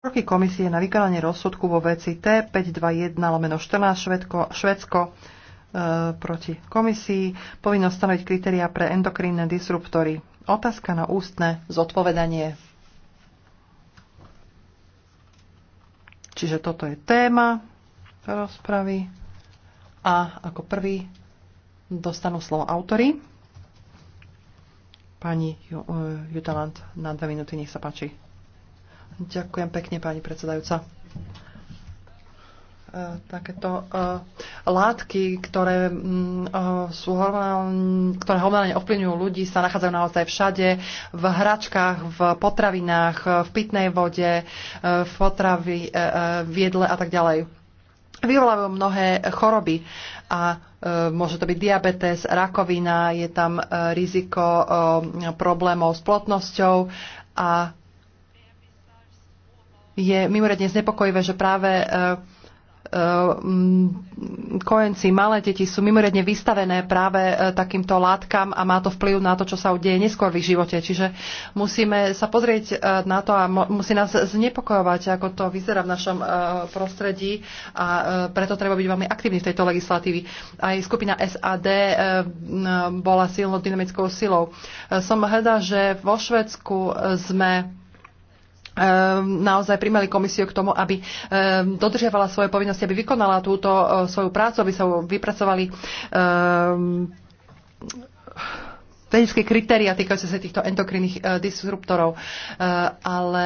Roky komisie na vykonanie rozsudku vo veci T521 lomeno 14 Švedko, Švedsko e, proti komisii povinnosť stanoviť kritéria pre endokrínne disruptory. Otázka na ústne zodpovedanie. Čiže toto je téma rozpravy a ako prvý dostanú slovo autory. Pani e, Jutalant, na dve minúty, nech sa páči. Ďakujem pekne, pani predsedajúca e, takéto uh, látky, ktoré, um, uh, sú hormonálne, ktoré hormonálne ovplyvňujú ľudí, sa nachádzajú naozaj všade, v hračkách, v potravinách, v pitnej vode, uh, v potravi, uh, v jedle a tak ďalej. Vyvolávajú mnohé choroby a môže to byť diabetes, rakovina, je tam riziko problémov s plotnosťou a je mimoriadne znepokojivé, že práve e, e, kojenci, malé deti sú mimoriadne vystavené práve e, takýmto látkam a má to vplyv na to, čo sa udeje neskôr v ich živote. Čiže musíme sa pozrieť na to a musí nás znepokojovať, ako to vyzerá v našom prostredí a preto treba byť veľmi aktívni v tejto legislatívy. Aj skupina SAD bola silnou dynamickou silou. Som hrdá, že vo Švedsku sme Ehm, naozaj primeli komisiu k tomu, aby ehm, dodržiavala svoje povinnosti, aby vykonala túto e, svoju prácu, aby sa vypracovali ehm, technické kritéria týkajúce sa týchto endokrinných e, disruptorov. E, ale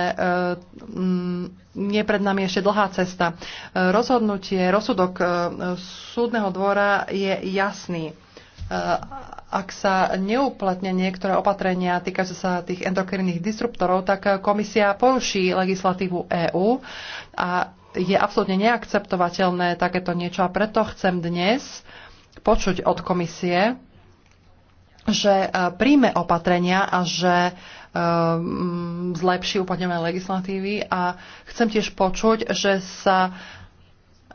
mm, nie pred nami ešte dlhá cesta. rozhodnutie, rozsudok súdneho dvora je jasný. Eh, ak sa neuplatnia niektoré opatrenia týkajúce sa tých endokrinných disruptorov, tak eh, komisia poruší legislatívu EÚ a je absolútne neakceptovateľné takéto niečo. A preto chcem dnes počuť od komisie, že eh, príjme opatrenia a že zlepší uplatňovanie legislatívy a chcem tiež počuť, že sa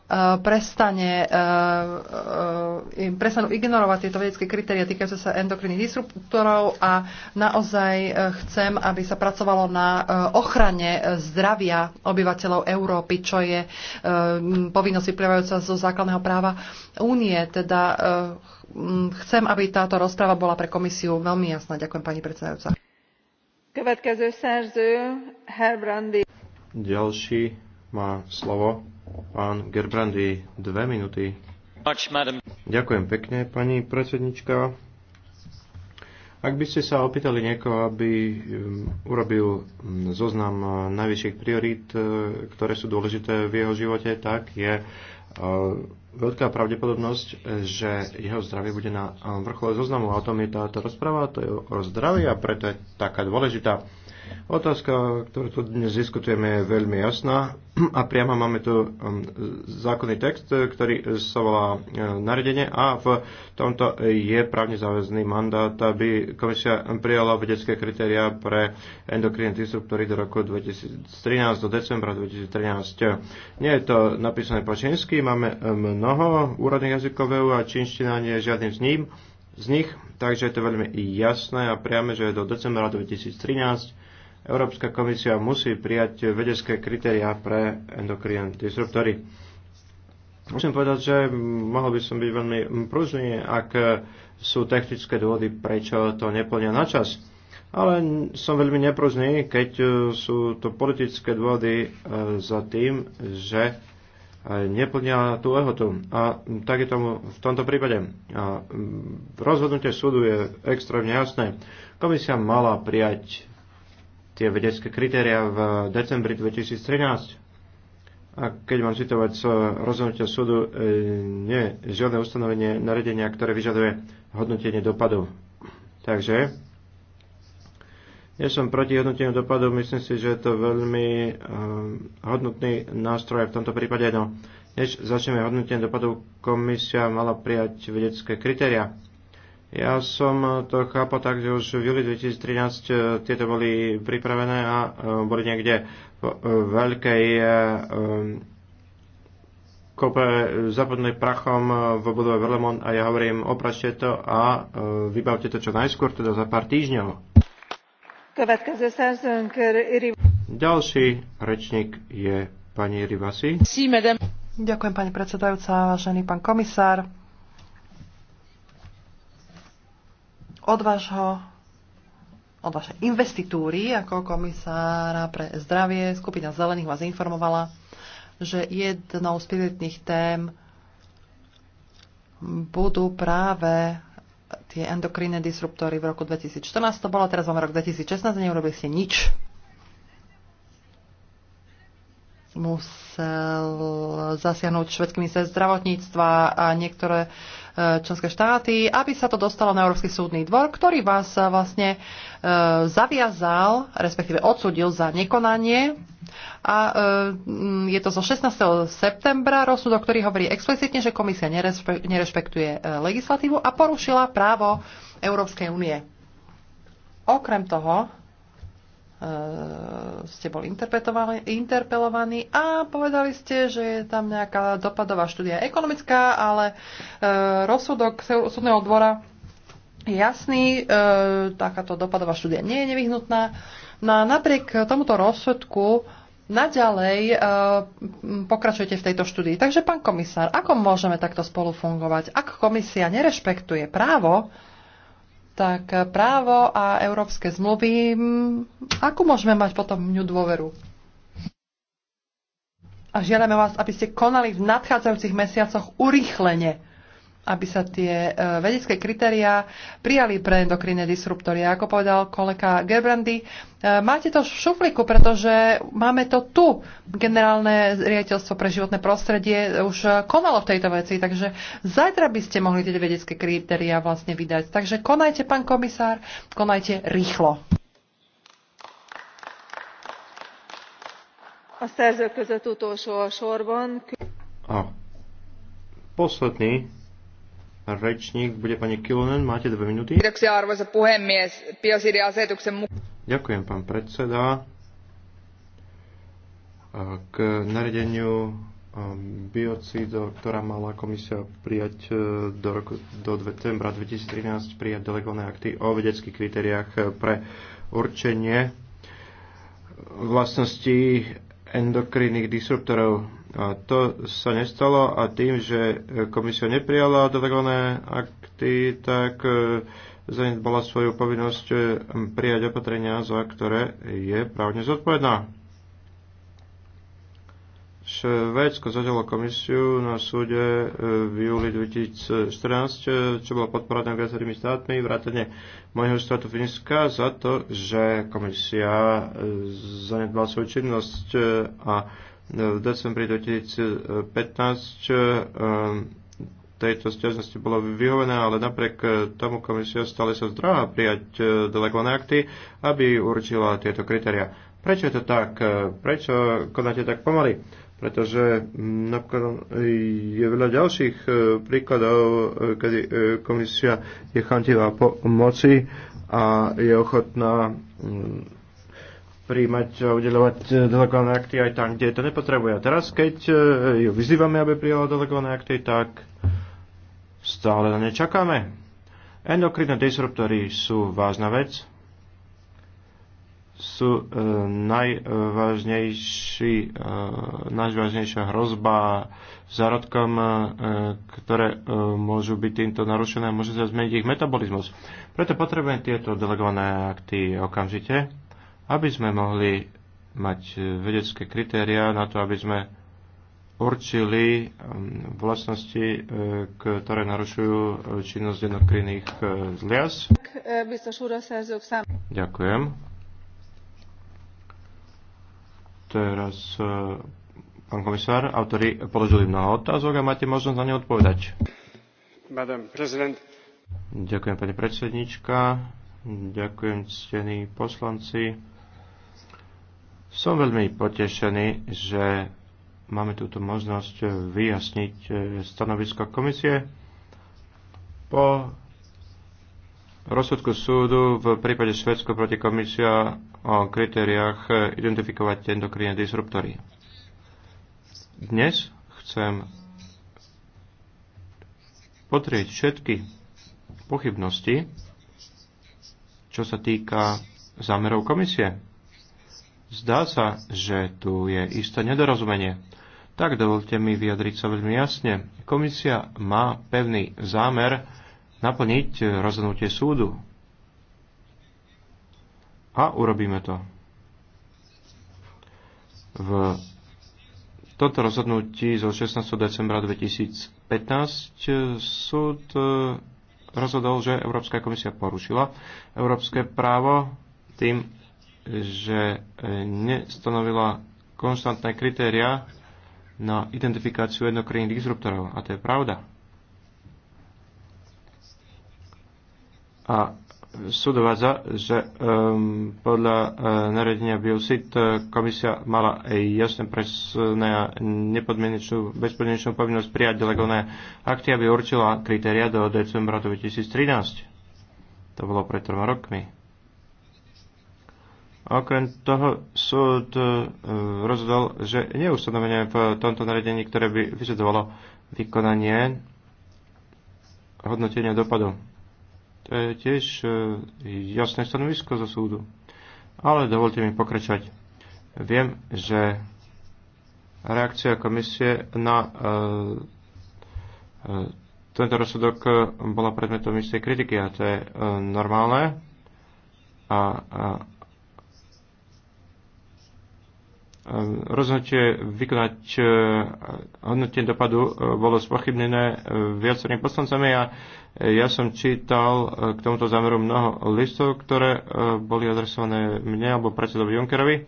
Eh, prestane, eh, eh, prestanú ignorovať tieto vedecké kritéria týkajúce sa endokrinných disruptorov a naozaj chcem, aby sa pracovalo na ochrane zdravia obyvateľov Európy, čo je povinnosť vyplývajúca zo základného práva únie. Teda chcem, aby táto rozpráva bola pre komisiu veľmi jasná. Ďakujem, pani predsedajúca. Ďalší má slovo Pán Gerbrandy, dve minúty. Ďakujem pekne, pani predsednička. Ak by ste sa opýtali niekoho, aby um, urobil um, zoznam uh, najvyšších priorít, uh, ktoré sú dôležité v jeho živote, tak je uh, veľká pravdepodobnosť, že jeho zdravie bude na um, vrchole zoznamu. A o tom je táto rozpráva, to je o zdraví a preto je taká dôležitá. Otázka, ktorú tu dnes diskutujeme, je veľmi jasná a priamo máme tu um, zákonný text, ktorý sa volá e, naredenie a v tomto je právne záväzný mandát, aby komisia prijala vedecké kritéria pre endokrinné disruptory do roku 2013, do decembra 2013. Nie je to napísané po čínsky, máme e, mnoho úradných jazykov EU a čínština nie je žiadnym z ním z nich, takže je to veľmi jasné a priame, že do decembra 2013 Európska komisia musí prijať vedecké kritériá pre endokrien disruptory. Musím povedať, že mohol by som byť veľmi pružný, ak sú technické dôvody, prečo to neplnia na čas. Ale som veľmi nepružný, keď sú to politické dôvody e, za tým, že e, neplnia tú lehotu. A tak je tomu v tomto prípade. A rozhodnutie súdu je extrémne jasné. Komisia mala prijať tie vedecké kritéria v decembri 2013. A keď mám citovať z rozhodnutia súdu, e, nie, žiadne ustanovenie naredenia, ktoré vyžaduje hodnotenie dopadov. Takže, nie som proti hodnoteniu dopadov, myslím si, že je to veľmi e, hodnotný nástroj v tomto prípade. No, než začneme hodnotenie dopadov, komisia mala prijať vedecké kritéria ja som to chápal tak, že už v júli 2013 e, tieto boli pripravené a e, boli niekde v e, veľkej kope zapadnej prachom v budove Verlemon a ja hovorím, opračte to a vybavte to čo najskôr, teda za pár týždňov. Ďalší rečník je pani Rivasi. Ďakujem, pani predsedajúca, vážený pán komisár. od vášho od vašej investitúry ako komisára pre zdravie. Skupina zelených vás informovala, že jednou z prioritných tém budú práve tie endokrinné disruptory v roku 2014. To bolo, teraz máme rok 2016 a neurobili ste nič. Musel zasiahnuť švedský minister zdravotníctva a niektoré uh, E, členské štáty, aby sa to dostalo na Európsky súdny dvor, ktorý vás e, vlastne e, zaviazal, respektíve odsudil za nekonanie. A je to zo 16. septembra rozsudok, ktorý hovorí explicitne, že komisia nerešpektuje legislatívu a porušila právo Európskej únie. Okrem toho, Eh, ste boli interpelovaní a povedali ste, že je tam nejaká dopadová štúdia ekonomická, ale eh, rozsudok súdneho dvora je jasný, eh, takáto dopadová štúdia nie je nevyhnutná. No a napriek tomuto rozsudku naďalej pokračujete v tejto štúdii. Takže, pán komisár, ako môžeme takto spolu fungovať? Ak komisia nerešpektuje právo, tak právo a európske zmluvy, akú môžeme mať potom ňu dôveru? A žiadame vás, aby ste konali v nadchádzajúcich mesiacoch urýchlene aby sa tie e, vedecké kritériá prijali pre endokrinné disruptory. Ako povedal kolega Gerbrandy, e, máte to v šufliku, pretože máme to tu. Generálne riaditeľstvo pre životné prostredie už konalo v tejto veci, takže zajtra by ste mohli tie vedecké kritériá vlastne vydať. Takže konajte, pán komisár, konajte rýchlo. A szerzők között utolsó a sorban. A posledný bude pani Máte dve Ďakujem, pán predseda. K nariadeniu um, biocídov, ktorá mala komisia prijať e, do, roku, do decembra 2013, prijať delegované akty o vedeckých kritériách e, pre určenie vlastností endokrinných disruptorov a to sa nestalo a tým, že komisia neprijala doverované akty, tak e, zanedbala svoju povinnosť e, prijať opatrenia, za ktoré je právne zodpovedná. Švédsko zažalo komisiu na súde e, v júli 2014, čo bolo podporené viacerými štátmi, vrátane môjho štátu Finska za to, že komisia zanedbala svoju činnosť a v decembri 2015 eh, tejto stiažnosti bolo vyhovené, ale napriek eh, tomu komisia stále sa zdráha prijať eh, delegované akty, aby určila tieto kritéria. Prečo je to tak? Prečo konáte tak pomaly? Pretože hm, je veľa ďalších príkladov, kedy komisia je chantivá po moci a je ochotná hm, príjmať a udeľovať e, delegované akty aj tam, kde to nepotrebuje. A teraz, keď e, ju vyzývame, aby prijala delegované akty, tak stále na ne čakáme. Endokrinné disruptory sú vážna vec. Sú e, najvážnejší, e, najvážnejšia hrozba zárodkom, e, ktoré e, môžu byť týmto narušené a môže sa zmeniť ich metabolizmus. Preto potrebujeme tieto delegované akty okamžite aby sme mohli mať e, vedecké kritéria na to, aby sme určili e, vlastnosti, e, ktoré narušujú činnosť endokrinných zlias. Ďakujem. Teraz pán komisár, autori položili mnoho otázok a máte možnosť na ne odpovedať. Ďakujem, pani predsednička. Ďakujem, ctení poslanci. Som veľmi potešený, že máme túto možnosť vyjasniť e, stanovisko komisie po rozsudku súdu v prípade Švedsko proti komisia o kritériách e, identifikovať endokrinné disruptory. Dnes chcem potrieť všetky pochybnosti, čo sa týka zámerov komisie Zdá sa, že tu je isté nedorozumenie. Tak dovolte mi vyjadriť sa veľmi jasne. Komisia má pevný zámer naplniť rozhodnutie súdu. A urobíme to. V toto rozhodnutí zo 16. decembra 2015 súd e, rozhodol, že Európska komisia porušila európske právo tým, že e, nestanovila konštantné kritéria na identifikáciu jednokrinných disruptorov. A to je pravda. A súd uvádza, že um, podľa uh, e, naredenia BioSit uh, e, komisia mala aj jasne presné a bezpodmienečnú povinnosť prijať delegované akty, aby určila kritéria do decembra 2013. To bolo pred troma rokmi. Okrem toho súd e, rozhodol, že nie je ustanovenie v tomto naredení, ktoré by vyžadovalo vykonanie hodnotenia dopadov. To je tiež e, jasné stanovisko zo súdu. Ale dovolte mi pokračovať. Viem, že reakcia komisie na e, tento rozsudok bola predmetom istej kritiky a to je normálne. A, a rozhodnutie vykonať e, hodnotenie dopadu e, bolo spochybnené e, viacerými poslancami a ja som čítal k tomuto zámeru mnoho listov, ktoré boli adresované mne alebo predsedovi Junkerovi.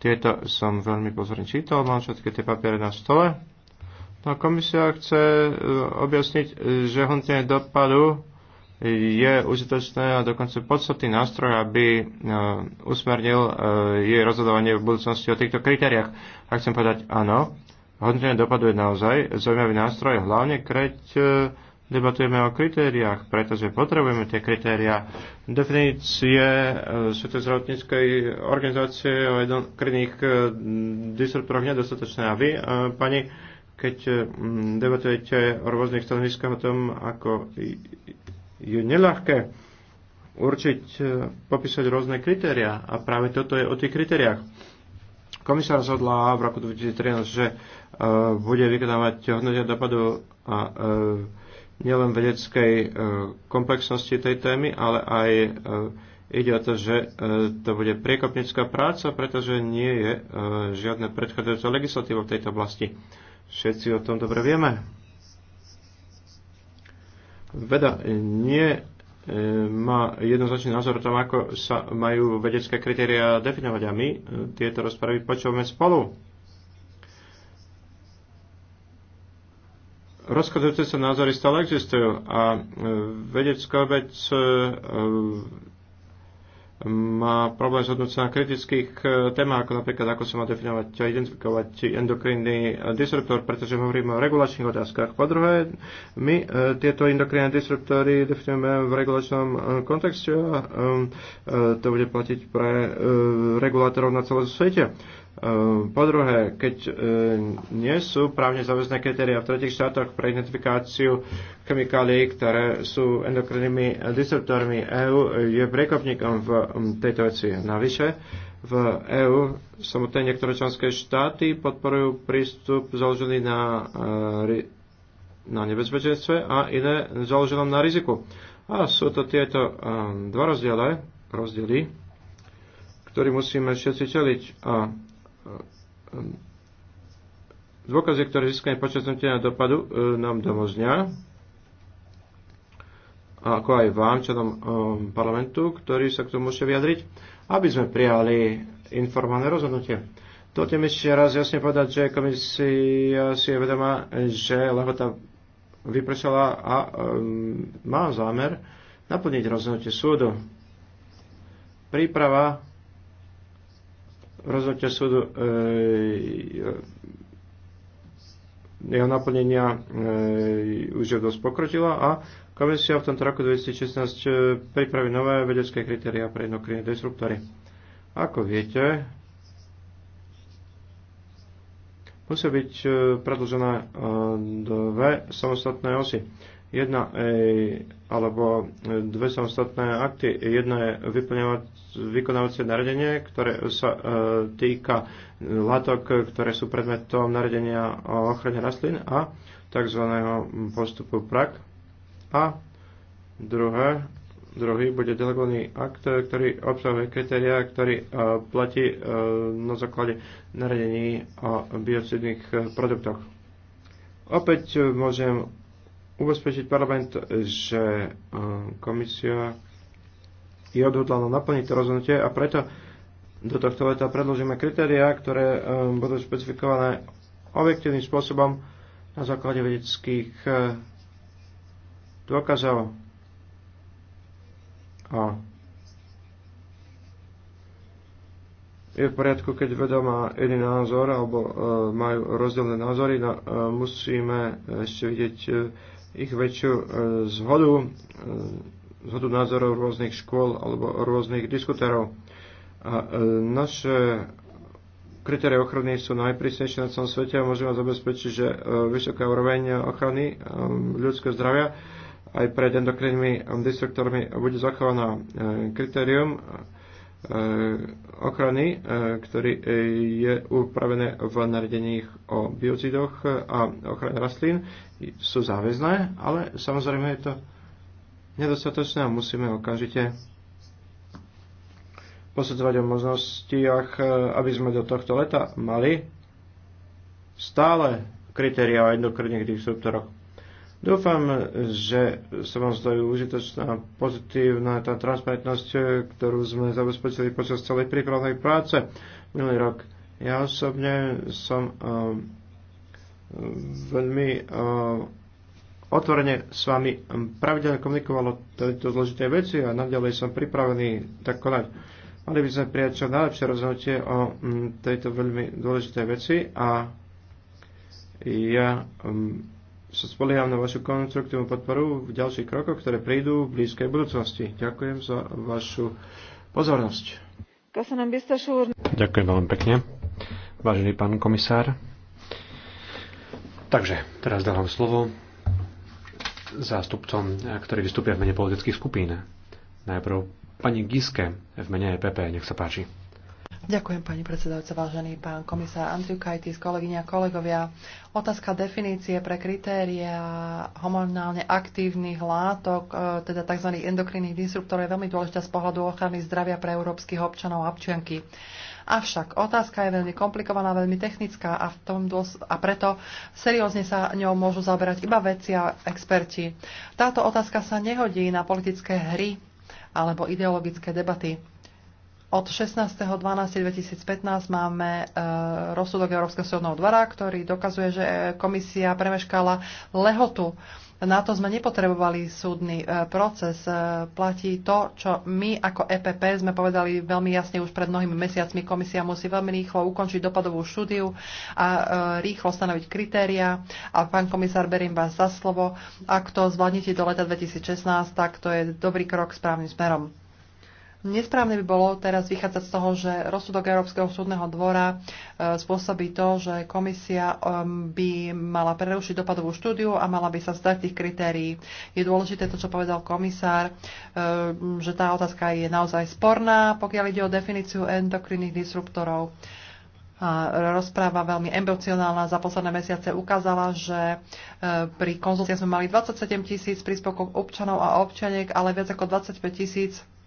Tieto som veľmi pozorne čítal, mám všetky tie papiere na stole. No komisia chce objasniť, že hodnotenie dopadu je užitočné a dokonca podstatný nástroj, aby e, usmernil e, jej rozhodovanie v budúcnosti o týchto kritériách. A chcem povedať áno, hodnotenie dopadu je naozaj zaujímavý nástroj, hlavne keď e, debatujeme o kritériách, pretože potrebujeme tie kritéria. Definície Svetovej zdravotníckej organizácie o jednokrných disruptoroch nedostatočné. A vy, pani, keď debatujete o rôznych stanoviskách o tom, ako je neľahké určiť, e, popísať rôzne kritéria a práve toto je o tých kritériách. Komisár rozhodla v roku 2013, že uh, bude vykonávať hodnotia dopadu a uh, nielen vedeckej uh, komplexnosti tej témy, ale aj uh, Ide o to, že to bude priekopnická práca, pretože nie je žiadna predchádzajúca legislatíva v tejto oblasti. Všetci o tom dobre vieme. Veda e, nie e, má jednoznačný názor o tom, ako sa majú vedecké kritéria definovať a my e, tieto rozpravy počúvame spolu. Rozchádzajúce sa názory stále existujú a vedecká obec má problém s na kritických e, témach, ako napríklad ako sa má definovať a identifikovať endokrinný e, disruptor, pretože hovoríme o regulačných otázkach. Po druhé, my e, tieto endokrinné disruptory definujeme v regulačnom kontexte a to bude platiť pre regulátorov na celom svete. Ehm, po druhé, keď ehm, nie sú právne záväzné kritéria v tretich štátoch pre identifikáciu chemikálií, ktoré sú endokrinnými disruptormi EÚ, je prekopníkom v tejto veci. Navyše, v EÚ samotné niektoré členské štáty podporujú prístup založený na, ehm, na nebezpečenstve a iné založenom na riziku. A sú to tieto dva rozdiele, rozdiely, ktorý musíme všetci čeliť. A Dôkazy, ktoré získame počas nuteného dopadu, e, nám domozňa, ako aj vám, členom e, parlamentu, ktorí sa k tomu musia vyjadriť, aby sme prijali informované rozhodnutie. To tým ešte raz jasne povedať, že komisia si je vedomá, že lehota vypršala a um, má zámer naplniť rozhodnutie súdu. Príprava rozhodnutia súdu e, e, jeho naplnenia e, už je dosť pokročila a komisia v tomto roku 2016 e, pripraví nové vedecké kritéria pre endokrinné disruptory. Ako viete, musia byť predlžené dve samostatné osy jedna e, alebo e, dve samostatné akty. Jedno je vykonávacie naredenie, ktoré sa e, týka látok, ktoré sú predmetom naredenia o ochrane rastlín a tzv. postupu PRAK. A druhé, druhý bude delegovaný akt, ktorý obsahuje kritéria, ktorý platí na základe naredení o biocidných produktoch. Opäť môžem ubezpečiť parlament, že e, komisia je odhodlaná naplniť to rozhodnutie a preto do tohto leta predložíme kritériá, ktoré e, budú špecifikované objektívnym spôsobom na základe vedeckých e, dôkazov. A je v poriadku, keď veda má iný názor alebo majú rozdielne názory. No, musíme ešte vidieť ich väčšiu e, zhodu, e, zhodu názorov rôznych škôl alebo rôznych diskutérov. A e, naše kritérie ochrany sú najprísnejšie na celom svete a môžeme zabezpečiť, že vysoká úroveň ochrany ľudského zdravia aj pred endokrinnými destruktormi bude zachovaná. Kritérium ochrany, ktorý je upravené v nariadení o biocidoch a ochrane rastlín, sú záväzné, ale samozrejme je to nedostatočné a musíme okamžite posudzovať o možnostiach, e, aby sme do tohto leta mali stále kritéria o endokrinných súptoroch. Dúfam, že sa vám zdajú užitočná, pozitívna tá transparentnosť, e, ktorú sme zabezpečili počas celej prípravnej práce minulý rok. Ja osobne som um, veľmi e, otvorene s vami pravidelne komunikovalo tieto zložité veci a naďalej som pripravený tak konať. Mali by sme prijať čo najlepšie rozhodnutie o tejto veľmi dôležitej veci a ja sa spolieham na vašu konstruktívnu podporu v ďalších krokoch, ktoré prídu v blízkej budúcnosti. Ďakujem za vašu pozornosť. Ďakujem veľmi pekne. Vážený pán komisár, Takže teraz dávam slovo zástupcom, eh, ktorí vystúpia v mene politických skupín. Najprv pani Giske v mene EPP, nech sa páči. Ďakujem, pani predsedajúca, vážený pán komisár kolegyne kolegyňa, kolegovia. Otázka definície pre kritéria hormonálne aktívnych látok, eh, teda tzv. endokrinných disruptorov, je veľmi dôležitá z pohľadu ochrany zdravia pre európskych občanov a občianky. Avšak otázka je veľmi komplikovaná, veľmi technická a, v tom dôs- a preto seriózne sa ňou môžu zaberať iba veci a experti. Táto otázka sa nehodí na politické hry alebo ideologické debaty. Od 16.12.2015 máme e, rozsudok Európskeho súdneho dvora, ktorý dokazuje, že komisia premeškala lehotu. Na to sme nepotrebovali súdny e, proces. E, platí to, čo my ako EPP sme povedali veľmi jasne už pred mnohými mesiacmi. Komisia musí veľmi rýchlo ukončiť dopadovú štúdiu a rýchlo stanoviť kritéria. A pán komisár, berím vás za slovo. Ak to zvládnete do leta 2016, tak to je dobrý krok správnym smerom. Nesprávne by bolo teraz vychádzať z toho, že rozsudok Európskeho súdneho dvora e, spôsobí to, že komisia e, by mala prerušiť dopadovú štúdiu a mala by sa zdať tých kritérií. Je dôležité to, čo povedal komisár, e, že tá otázka je naozaj sporná, pokiaľ ide o definíciu endokrinných disruptorov. A rozpráva veľmi emocionálna za posledné mesiace ukázala, že pri konzultácii sme mali 27 tisíc príspevkov občanov a občaniek, ale viac ako 25 tisíc 000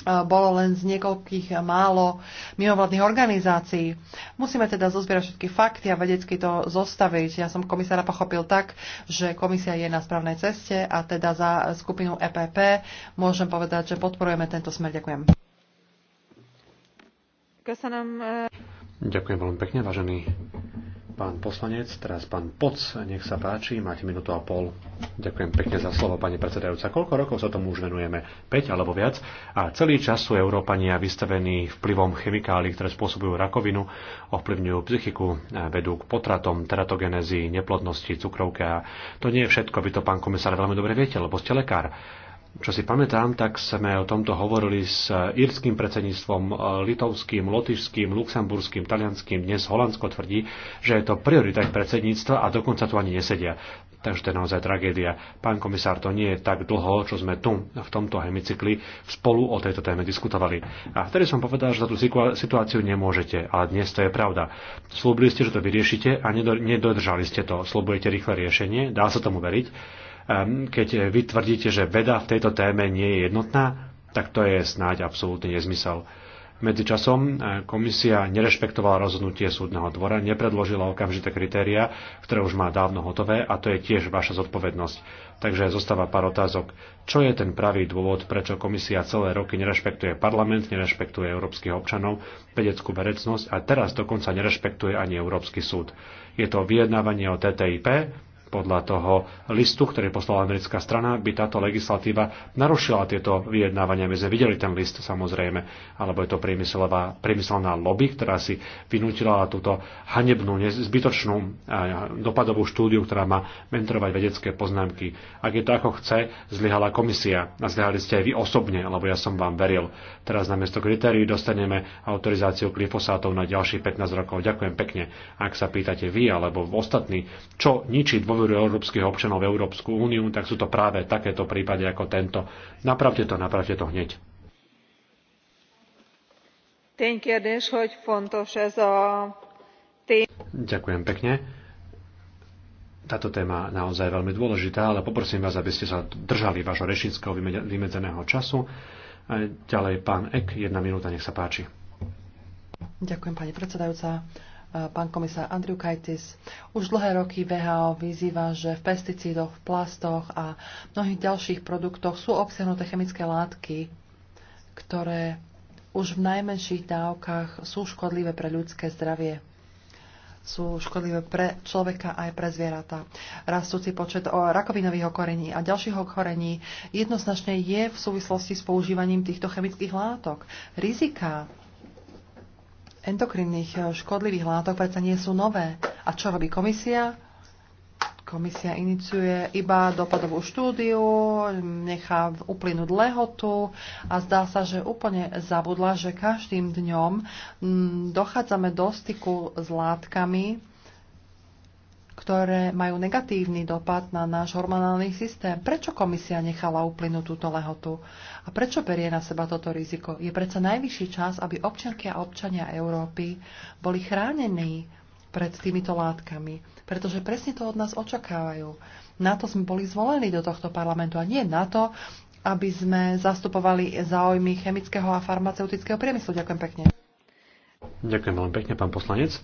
Eh, bolo len z niekoľkých eh, málo mimovládnych organizácií. Musíme teda zozbierať všetky fakty a vedecky to zostaviť. Ja som komisára pochopil tak, že komisia je na správnej ceste a teda za skupinu EPP môžem povedať, že podporujeme tento smer. Ďakujem. Eh. Ďakujem veľmi pekne, vážený pán poslanec, teraz pán Poc, nech sa páči, máte minútu a pol. Ďakujem pekne za slovo, pani predsedajúca. Koľko rokov sa tomu už venujeme? 5 alebo viac. A celý čas sú Európania vystavení vplyvom chemikálií, ktoré spôsobujú rakovinu, ovplyvňujú psychiku, vedú k potratom, teratogenezii, neplodnosti, cukrovke. A to nie je všetko, vy to, pán komisár, veľmi dobre viete, lebo ste lekár. Čo si pamätám, tak sme o tomto hovorili s írským predsedníctvom, e, litovským, lotyšským, luxemburským, talianským. Dnes Holandsko tvrdí, že je to priorita predsedníctva a dokonca tu ani nesedia. Takže to je naozaj tragédia. Pán komisár, to nie je tak dlho, čo sme tu, v tomto hemicykli, spolu o tejto téme diskutovali. A vtedy som povedal, že za tú situáciu nemôžete, ale dnes to je pravda. Slúbili ste, že to vyriešite a nedodržali ste to. Slúbujete rýchle riešenie, dá sa tomu veriť Ehm, keď vy tvrdíte, že veda v tejto téme nie je jednotná, tak to je snáď absolútny nezmysel. Medzičasom eh, komisia nerešpektovala rozhodnutie súdneho dvora, nepredložila okamžité kritéria, ktoré už má dávno hotové a to je tiež vaša zodpovednosť. Takže zostáva pár otázok. Čo je ten pravý dôvod, prečo komisia celé roky nerešpektuje parlament, nerešpektuje európskych občanov, vedeckú verecnosť a teraz dokonca nerešpektuje ani Európsky súd? Je to vyjednávanie o TTIP, podľa toho listu, ktorý poslala americká strana, by táto legislatíva narušila tieto vyjednávania. My sme videli ten list samozrejme, alebo je to priemyselná lobby, ktorá si vynútila túto hanebnú, zbytočnú dopadovú štúdiu, ktorá má mentorovať vedecké poznámky. Ak je to ako chce, zlyhala komisia a zlyhali ste aj vy osobne, lebo ja som vám veril. Teraz namiesto kritérií dostaneme autorizáciu glyfosátov na ďalších 15 rokov. Ďakujem pekne. Ak sa pýtate vy alebo ostatní, čo ničí dôveru dôveru európskych občanov v Európsku úniu, tak sú to práve takéto prípady ako tento. Napravte to, napravte to hneď. Ďakujem pekne. Táto téma naozaj je veľmi dôležitá, ale poprosím vás, aby ste sa držali vášho rešinského vymedzeného času. Ďalej pán Ek, jedna minúta, nech sa páči. Ďakujem, pani predsedajúca pán komisár Andriu Kajtis. Už dlhé roky VHO vyzýva, že v pesticídoch, v plastoch a mnohých ďalších produktoch sú obsiahnuté chemické látky, ktoré už v najmenších dávkach sú škodlivé pre ľudské zdravie sú škodlivé pre človeka aj pre zvieratá. Rastúci počet rakovinových okorení a ďalších okorení jednoznačne je v súvislosti s používaním týchto chemických látok. Rizika endokrinných eh, škodlivých látok predsa nie sú nové. A čo robí komisia? Komisia iniciuje iba dopadovú štúdiu, nechá uplynúť lehotu a zdá sa, že úplne zabudla, že každým dňom mm, dochádzame do styku s látkami, ktoré majú negatívny dopad na náš hormonálny systém. Prečo komisia nechala uplynúť túto lehotu? A prečo berie na seba toto riziko? Je predsa najvyšší čas, aby občanky a občania Európy boli chránení pred týmito látkami. Pretože presne to od nás očakávajú. Na to sme boli zvolení do tohto parlamentu a nie na to, aby sme zastupovali záujmy chemického a farmaceutického priemyslu. Ďakujem pekne. Ďakujem veľmi pekne, pán poslanec.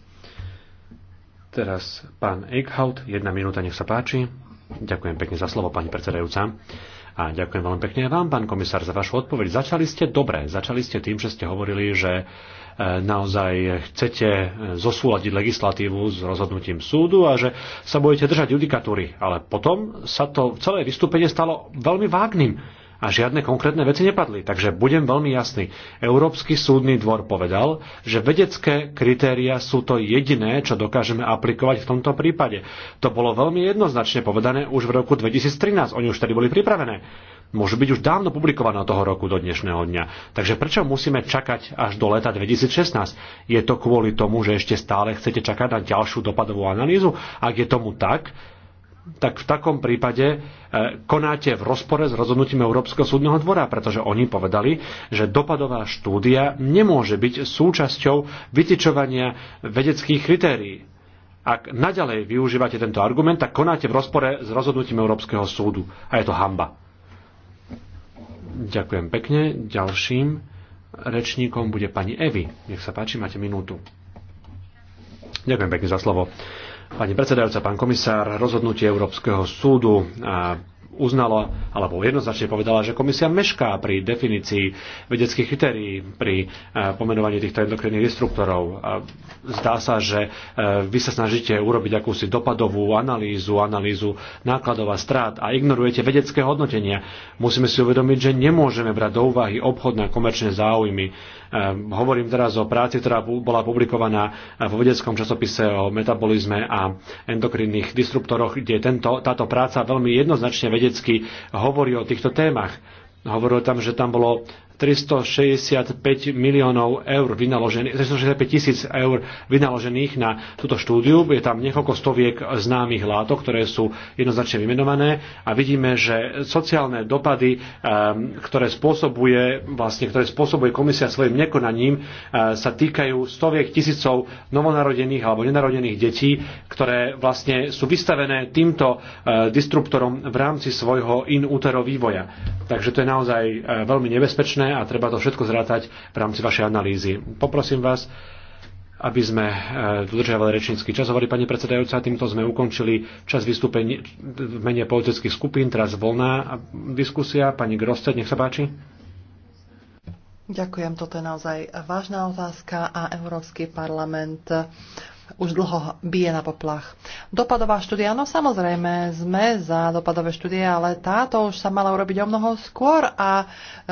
Teraz pán Eichhout, jedna minúta, nech sa páči. Ďakujem pekne za slovo, pani predsedajúca. A ďakujem veľmi pekne aj vám, pán komisár, za vašu odpoveď. Začali ste dobre. Začali ste tým, že ste hovorili, že e, naozaj chcete e, zosúľadiť legislatívu s rozhodnutím súdu a že sa budete držať judikatúry. Ale potom sa to celé vystúpenie stalo veľmi vágným a žiadne konkrétne veci nepadli. Takže budem veľmi jasný. Európsky súdny dvor povedal, že vedecké kritéria sú to jediné, čo dokážeme aplikovať v tomto prípade. To bolo veľmi jednoznačne povedané už v roku 2013. Oni už tedy boli pripravené. Môžu byť už dávno publikované od toho roku do dnešného dňa. Takže prečo musíme čakať až do leta 2016? Je to kvôli tomu, že ešte stále chcete čakať na ďalšiu dopadovú analýzu? Ak je tomu tak, tak v takom prípade e, konáte v rozpore s rozhodnutím Európskeho súdneho dvora, pretože oni povedali, že dopadová štúdia nemôže byť súčasťou vytičovania vedeckých kritérií. Ak naďalej využívate tento argument, tak konáte v rozpore s rozhodnutím Európskeho súdu. A je to hamba. Ďakujem pekne. Ďalším rečníkom bude pani Evi. Nech sa páči, máte minútu. Ďakujem pekne za slovo. Pani predsedajúca, pán komisár, rozhodnutie Európskeho súdu uznala alebo jednoznačne povedala, že komisia mešká pri definícii vedeckých kritérií pri e, pomenovaní týchto endokrinných disruptorov. E, zdá sa, že e, vy sa snažíte urobiť akúsi dopadovú analýzu, analýzu nákladov a strát a ignorujete vedecké hodnotenia. Musíme si uvedomiť, že nemôžeme brať do úvahy obchodné a komerčné záujmy. Hovorím teraz o práci, ktorá bola publikovaná vo vedeckom časopise o metabolizme a endokrinných disruptoroch, kde tento, táto práca veľmi jednoznačne vedie vedecky hovorí o týchto témach. Hovoril tam, že tam bolo 365 miliónov eur vynaložených, 365 tisíc eur vynaložených na túto štúdiu. Je tam niekoľko stoviek známych látok, ktoré sú jednoznačne vymenované a vidíme, že sociálne dopady, ehm, ktoré spôsobuje, vlastne, ktoré spôsobuje komisia svojim nekonaním, ehm, sa týkajú stoviek tisícov novonarodených alebo nenarodených detí, ktoré vlastne sú vystavené týmto ehm, disruptorom v rámci svojho in utero vývoja. Takže to je naozaj veľmi nebezpečné jasné a treba to všetko zrátať v rámci vašej analýzy. Poprosím vás, aby sme e, dodržiavali rečnícky čas. Hovorí pani predsedajúca, týmto sme ukončili čas vystúpení v mene politických skupín. Teraz voľná diskusia. Pani Grosce, nech sa páči. Ďakujem, toto je naozaj vážna otázka a Európsky parlament už dlho bije na poplach. Dopadová štúdia, no samozrejme, sme za dopadové štúdie, ale táto už sa mala urobiť o mnoho skôr a e,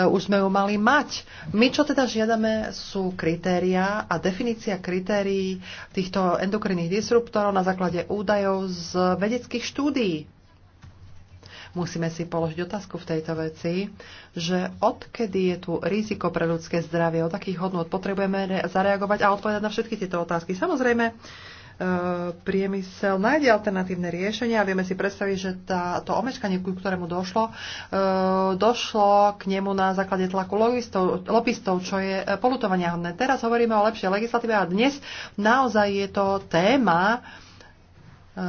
už sme ju mali mať. My, čo teda žiadame, sú kritéria a definícia kritérií týchto endokrinných disruptorov na základe údajov z vedeckých štúdií. Musíme si položiť otázku v tejto veci, že odkedy je tu riziko pre ľudské zdravie, od akých hodnot potrebujeme zareagovať a odpovedať na všetky tieto otázky. Samozrejme, e, priemysel nájde alternatívne riešenia a vieme si predstaviť, že tá, to omeškanie, ku ktorému došlo, e, došlo k nemu na základe tlaku lobistov, lobistov čo je e, polutovania hodné. Teraz hovoríme o lepšej legislatíve a dnes naozaj je to téma, E,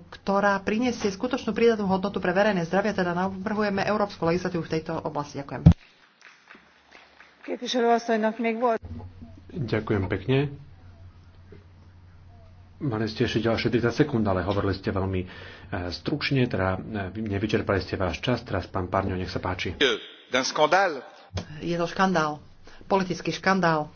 ktorá prinesie skutočnú prídatnú hodnotu pre verejné zdravie, teda navrhujeme európsku legislatívu v tejto oblasti. Ďakujem. Ďakujem pekne. Mali ste ešte ďalšie 30 sekúnd, ale hovorili ste veľmi e, stručne, teda e, nevyčerpali ste váš čas. Teraz pán Parňo, nech sa páči. Je to škandál. Politický škandál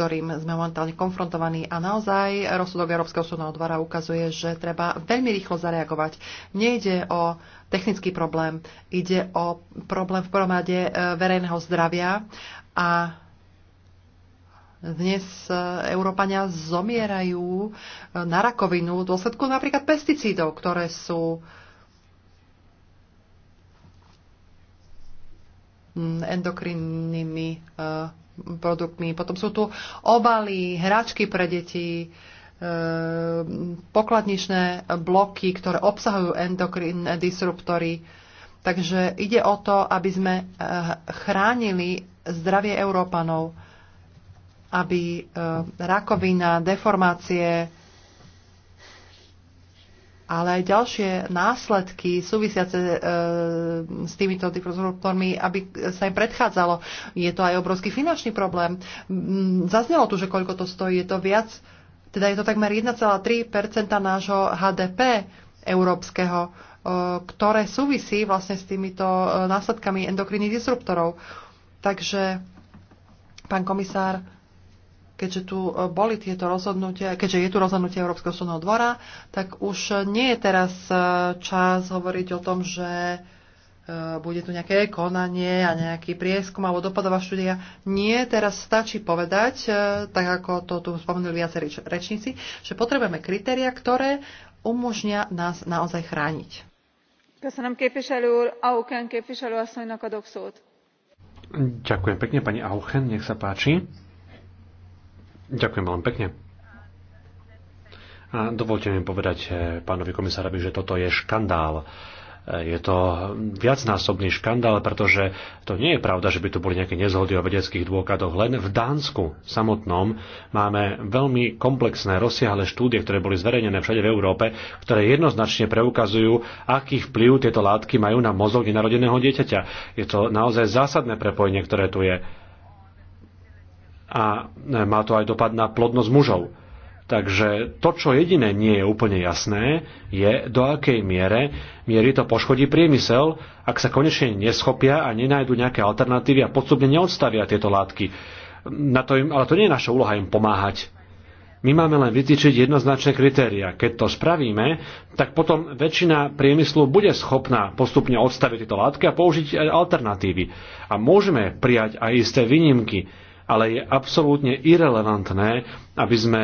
ktorým sme momentálne konfrontovaní. A naozaj rozsudok Európskeho súdneho dvora ukazuje, že treba veľmi rýchlo zareagovať. Nejde o technický problém, ide o problém v promade e, verejného zdravia a dnes e, Európania zomierajú e, na rakovinu v dôsledku napríklad pesticídov, ktoré sú uh, Mm, endokrinnými e, produktmi. Potom sú tu obaly, hračky pre deti, e, pokladničné bloky, ktoré obsahujú endokrinné disruptory. Takže ide o to, aby sme e, chránili zdravie Európanov, aby rakovina, deformácie, ale aj ďalšie následky súvisiace e, s týmito disruptormi, aby sa im predchádzalo. Je to aj obrovský finančný problém. Mm, zaznelo tu, že koľko to stojí, je to viac, teda je to takmer 1,3 nášho HDP európskeho, e, ktoré súvisí vlastne s týmito e, následkami endokrinných disruptorov. Takže, pán komisár, keďže tu e, boli tieto rozhodnutia, keďže je tu rozhodnutie Európskeho súdneho dvora, tak už e, nie je teraz e, čas hovoriť o tom, že bude tu nejaké konanie a nejaký prieskum alebo dopadová štúdia. Nie, teraz stačí povedať, tak ako to tu spomenuli viacerí rečníci, že potrebujeme kritéria, ktoré umožnia nás naozaj chrániť. Ďakujem pekne, pani Auchen, nech sa páči. Ďakujem veľmi pekne. A dovolte mi povedať eh, pánovi komisárovi, že toto je škandál. Eh, je to viacnásobný škandál, pretože to nie je pravda, že by tu boli nejaké nezhody o vedeckých dôkadoch. Len v Dánsku samotnom máme veľmi komplexné, rozsiahle štúdie, ktoré boli zverejnené všade v Európe, ktoré jednoznačne preukazujú, aký vplyv tieto látky majú na mozog nenarodeného dieťaťa. Je to naozaj zásadné prepojenie, ktoré tu je a e, má to aj dopad na plodnosť mužov. Takže to, čo jediné nie je úplne jasné, je do akej miere, miery to poškodí priemysel, ak sa konečne neschopia a nenájdu nejaké alternatívy a podstupne neodstavia tieto látky. Na to im, ale to nie je naša úloha im pomáhať. My máme len vytýčiť jednoznačné kritéria. Keď to spravíme, tak potom väčšina priemyslu bude schopná postupne odstaviť tieto látky a použiť alternatívy. A môžeme prijať aj isté výnimky ale je absolútne irrelevantné, aby sme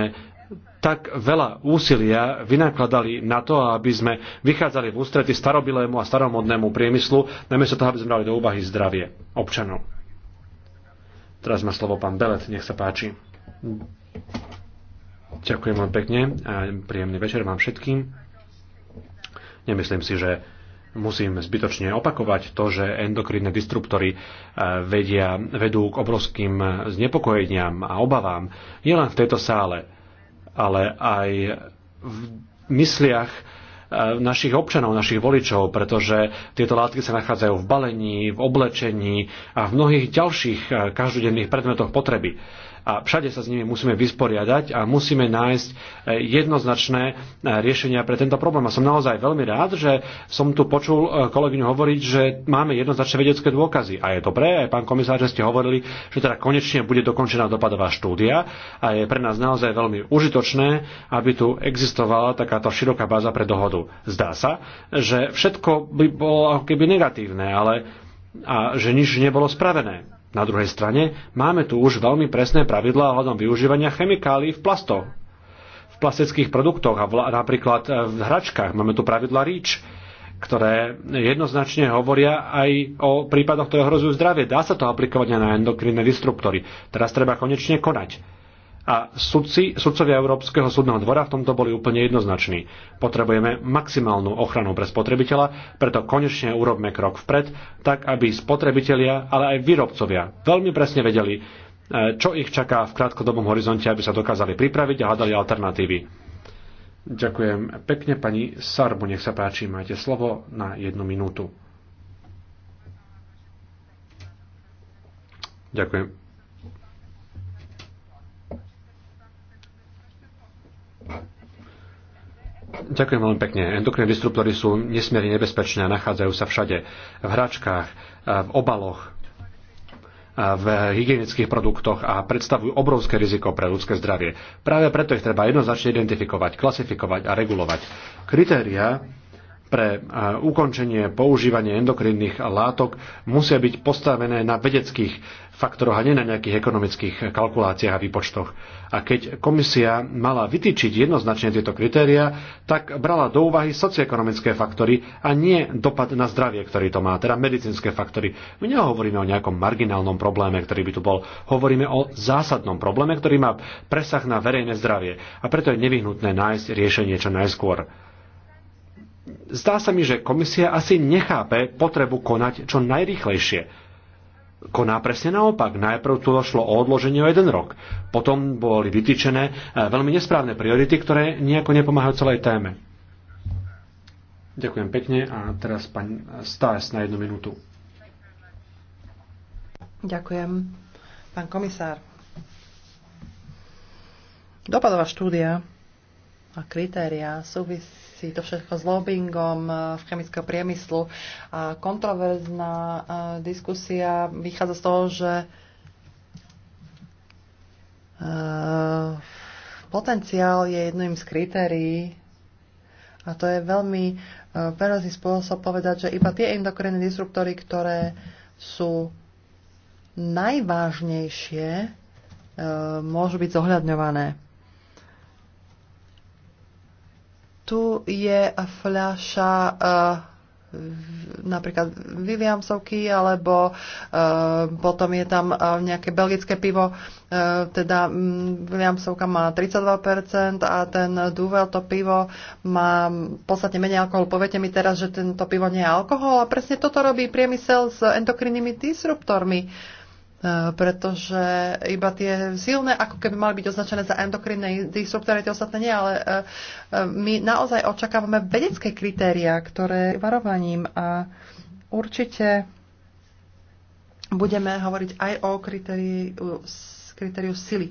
tak veľa úsilia vynakladali na to, aby sme vychádzali v ústrety starobilému a staromodnému priemyslu, namiesto toho, aby sme brali do úvahy zdravie občanov. Teraz má slovo pán Belet, nech sa páči. Ďakujem vám pekne a príjemný večer vám všetkým. Nemyslím si, že musím zbytočne opakovať to, že endokrinné disruptory eh, vedia, vedú k obrovským znepokojeniam a obavám nielen v tejto sále, ale aj v mysliach eh, našich občanov, našich voličov, pretože tieto látky sa nachádzajú v balení, v oblečení a v mnohých ďalších eh, každodenných predmetoch potreby a všade sa s nimi musíme vysporiadať a musíme nájsť e, jednoznačné e, riešenia pre tento problém. A som naozaj veľmi rád, že som tu počul e, kolegyňu hovoriť, že máme jednoznačné vedecké dôkazy. A je dobré, aj pán komisár, že ste hovorili, že teda konečne bude dokončená dopadová štúdia a je pre nás naozaj veľmi užitočné, aby tu existovala takáto široká báza pre dohodu. Zdá sa, že všetko by bolo ako keby negatívne, ale a že nič nebolo spravené. Na druhej strane máme tu už veľmi presné pravidlá ohľadom využívania chemikálií v plastoch, v plastických produktoch a v, napríklad e, v hračkách. Máme tu pravidla REACH, ktoré jednoznačne hovoria aj o prípadoch, ktoré hrozujú zdravie. Dá sa to aplikovať aj na endokrinné disruptory. Teraz treba konečne konať a sudci, sudcovia Európskeho súdneho dvora v tomto boli úplne jednoznační. Potrebujeme maximálnu ochranu pre spotrebiteľa, preto konečne urobme krok vpred, tak aby spotrebitelia, ale aj výrobcovia veľmi presne vedeli, e, čo ich čaká v krátkodobom horizonte, aby sa dokázali pripraviť a hľadali alternatívy. Ďakujem pekne pani Sarbu, nech sa páči, máte slovo na jednu minútu. Ďakujem. Ďakujem veľmi pekne. Endokrinné disruptory sú nesmierne nebezpečné a nachádzajú sa všade. V hračkách, v obaloch, v hygienických produktoch a predstavujú obrovské riziko pre ľudské zdravie. Práve preto ich treba jednoznačne identifikovať, klasifikovať a regulovať. Kritéria pre ukončenie používania endokrinných látok musia byť postavené na vedeckých faktoroch a nie na nejakých ekonomických kalkuláciách a výpočtoch. A keď komisia mala vytýčiť jednoznačne tieto kritéria, tak brala do úvahy socioekonomické faktory a nie dopad na zdravie, ktorý to má, teda medicínske faktory. My nehovoríme o nejakom marginálnom probléme, ktorý by tu bol. Hovoríme o zásadnom probléme, ktorý má presah na verejné zdravie. A preto je nevyhnutné nájsť riešenie čo najskôr. Zdá sa mi, že komisia asi nechápe potrebu konať čo najrychlejšie koná presne naopak. Najprv tu došlo o odloženie o jeden rok. Potom boli vytýčené e, veľmi nesprávne priority, ktoré nejako nepomáhajú celej téme. Ďakujem pekne a teraz pani Stas na jednu minútu. Ďakujem. Pán komisár, dopadová štúdia a kritéria súvisí súvisí to všetko s lobbyingom eh, v chemického priemyslu. A kontroverzná eh, diskusia vychádza z toho, že eh, potenciál je jedným z kritérií a to je veľmi perazný spôsob povedať, že iba tie endokrinné disruptory, ktoré sú najvážnejšie, môžu byť zohľadňované. Tu je fľaša eh, napríklad Williamsovky, alebo eh, potom je tam eh, nejaké belgické pivo, teda mm, Williamsovka má 32% a ten Duvel, to pivo má podstatne menej alkoholu. Poviete mi teraz, že tento pivo nie je alkohol a presne toto robí priemysel s endokrinnými disruptormi Eh, pretože iba tie silné ako keby mali byť označené za endokrinné disruptory, tie ostatné nie, ale eh, eh, my naozaj očakávame vedecké kritéria, ktoré varovaním a určite budeme hovoriť aj o kritériu, kritériu sily.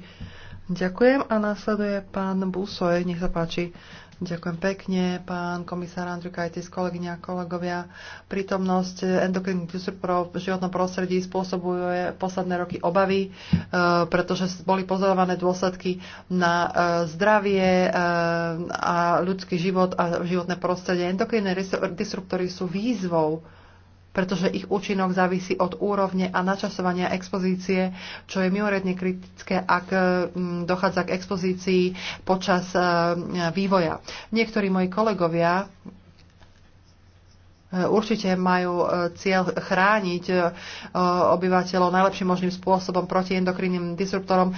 Ďakujem a následuje pán Busoj, nech sa páči. Ďakujem pekne, pán komisár Andriukaitis, kolegyňa a kolegovia. Prítomnosť endokrinných disruptorov v životnom prostredí spôsobuje posledné roky obavy, e, pretože boli pozorované dôsledky na e, zdravie e, a ľudský život a životné prostredie. Endokrinné disruptory sú výzvou pretože ich účinok závisí od úrovne a načasovania expozície, čo je mimoriadne kritické, ak e, dochádza k expozícii počas e, vývoja. Niektorí moji kolegovia e, určite majú cieľ chrániť obyvateľov najlepším možným spôsobom proti endokrinným disruptorom.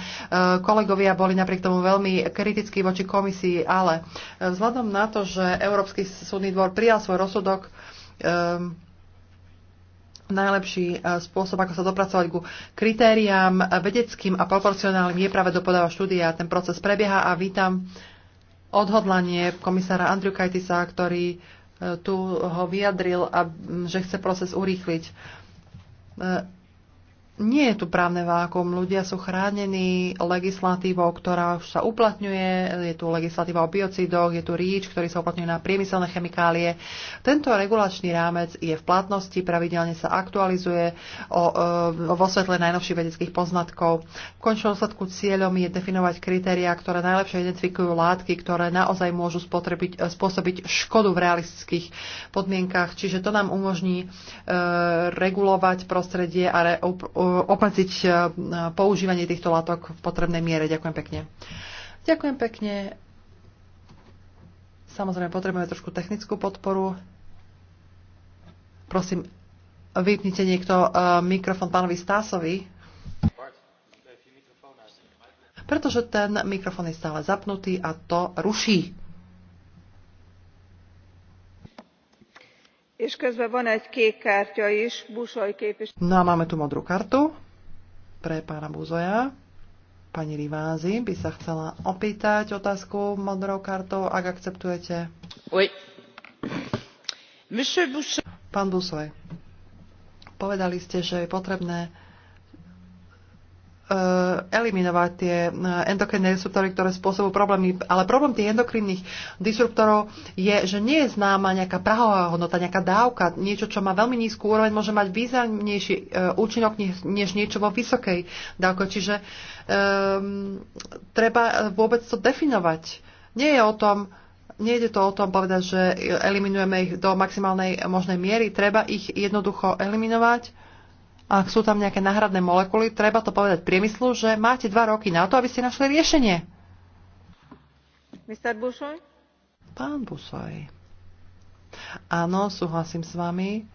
Kolegovia boli napriek tomu veľmi kritickí voči komisii, ale vzhľadom na to, že Európsky súdny dvor prijal svoj rozsudok, najlepší e, spôsob, ako sa dopracovať ku kritériám vedeckým a proporcionálnym, je práve dopodáva štúdia. Ten proces prebieha a vítam odhodlanie komisára Andriu Kajtisa, ktorý e, tu ho vyjadril, a, že chce proces urýchliť. E, nie je tu právne vákum. Ľudia sú chránení legislatívou, ktorá už sa uplatňuje. Je tu legislatíva o biocidoch, je tu ríč, ktorý sa uplatňuje na priemyselné chemikálie. Tento regulačný rámec je v platnosti, pravidelne sa aktualizuje o, o, e, vo svetle najnovších vedeckých poznatkov. V končnom sledku cieľom je definovať kritériá, ktoré najlepšie identifikujú látky, ktoré naozaj môžu e, spôsobiť škodu v realistických podmienkach. Čiže to nám umožní e, regulovať prostredie a re, obmedziť e, používanie týchto látok v potrebnej miere. Ďakujem pekne. Ďakujem pekne. Samozrejme, potrebujeme trošku technickú podporu. Prosím, vypnite niekto uh, mikrofón pánovi Stásovi. Pretože ten mikrofón je stále zapnutý a to ruší. No a máme tu modrú kartu pre pána Buzoja. Pani Rivázi by sa chcela opýtať otázku modrou kartou, ak akceptujete. Pán Busoj, povedali ste, že je potrebné Eh, eliminovať tie eh, endokrinné disruptory, ktoré spôsobujú problémy. Ale problém tých endokrinných disruptorov je, že nie je známa nejaká prahová hodnota, nejaká dávka. Niečo, čo má veľmi nízku úroveň, môže mať významnejší eh, účinok než niečo vo vysokej dávke. Čiže um, treba vôbec to definovať. Nie je o tom, nejde to o tom povedať, že eliminujeme ich do maximálnej možnej miery. Treba ich jednoducho eliminovať ak sú tam nejaké náhradné molekuly, treba to povedať priemyslu, že máte dva roky na to, aby ste našli riešenie. Mr. Bušoj? Pán Bušoj. Áno, súhlasím s vami.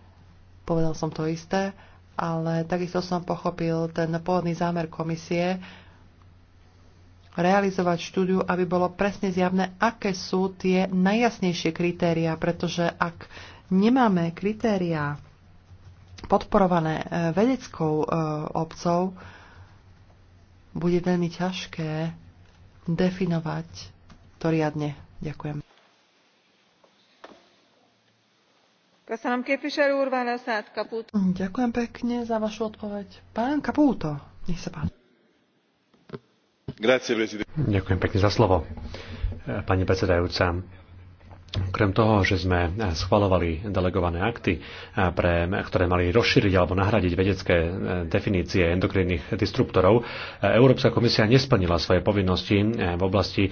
Povedal som to isté, ale takisto som pochopil ten pôvodný zámer komisie, realizovať štúdiu, aby bolo presne zjavné, aké sú tie najjasnejšie kritériá, pretože ak nemáme kritériá podporované e, vedeckou e, obcov, bude veľmi ťažké definovať to riadne. Ďakujem. Ďakujem pekne za vašu odpoveď. Pán Kapúto, nech sa páči. Ďakujem pekne za slovo, e, pani predsedajúca Okrem toho, že sme eh, schvalovali delegované akty, eh, pre, ktoré mali rozšíriť alebo nahradiť vedecké eh, definície endokrinných disruptorov, Európska komisia nesplnila svoje povinnosti v oblasti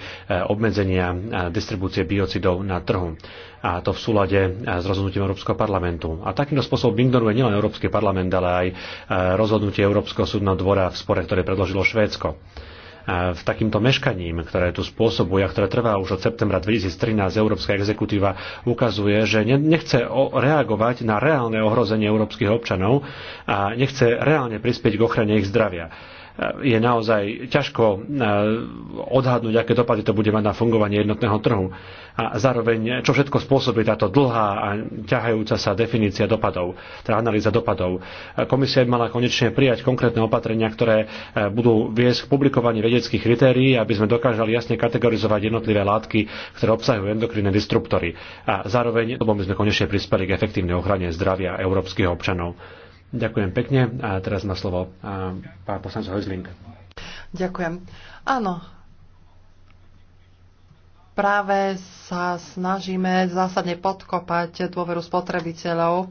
obmedzenia distribúcie biocidov na trhu. A to v súlade s rozhodnutím Európskeho parlamentu. A takýmto spôsobom ignoruje nielen Európsky parlament, ale aj rozhodnutie Európskeho súdneho dvora v spore, ktoré predložilo Švédsko v takýmto meškaním, ktoré tu spôsobuje a ktoré trvá už od septembra 2013, Európska exekutíva ukazuje, že nechce reagovať na reálne ohrozenie európskych občanov a nechce reálne prispieť k ochrane ich zdravia je naozaj ťažko e, odhadnúť, aké dopady to bude mať na fungovanie jednotného trhu. A zároveň, čo všetko spôsobí táto dlhá a ťahajúca sa definícia dopadov, teda analýza dopadov. Komisia by mala konečne prijať konkrétne opatrenia, ktoré e, budú viesť k publikovaní vedeckých kritérií, aby sme dokážali jasne kategorizovať jednotlivé látky, ktoré obsahujú endokrinné disruptory. A zároveň, lebo by sme konečne prispeli k efektívnej ochrane zdravia európskych občanov. Ďakujem pekne a teraz má slovo pán poslanec Hojzling. Ďakujem. Áno, práve sa snažíme zásadne podkopať dôveru spotrebiteľov.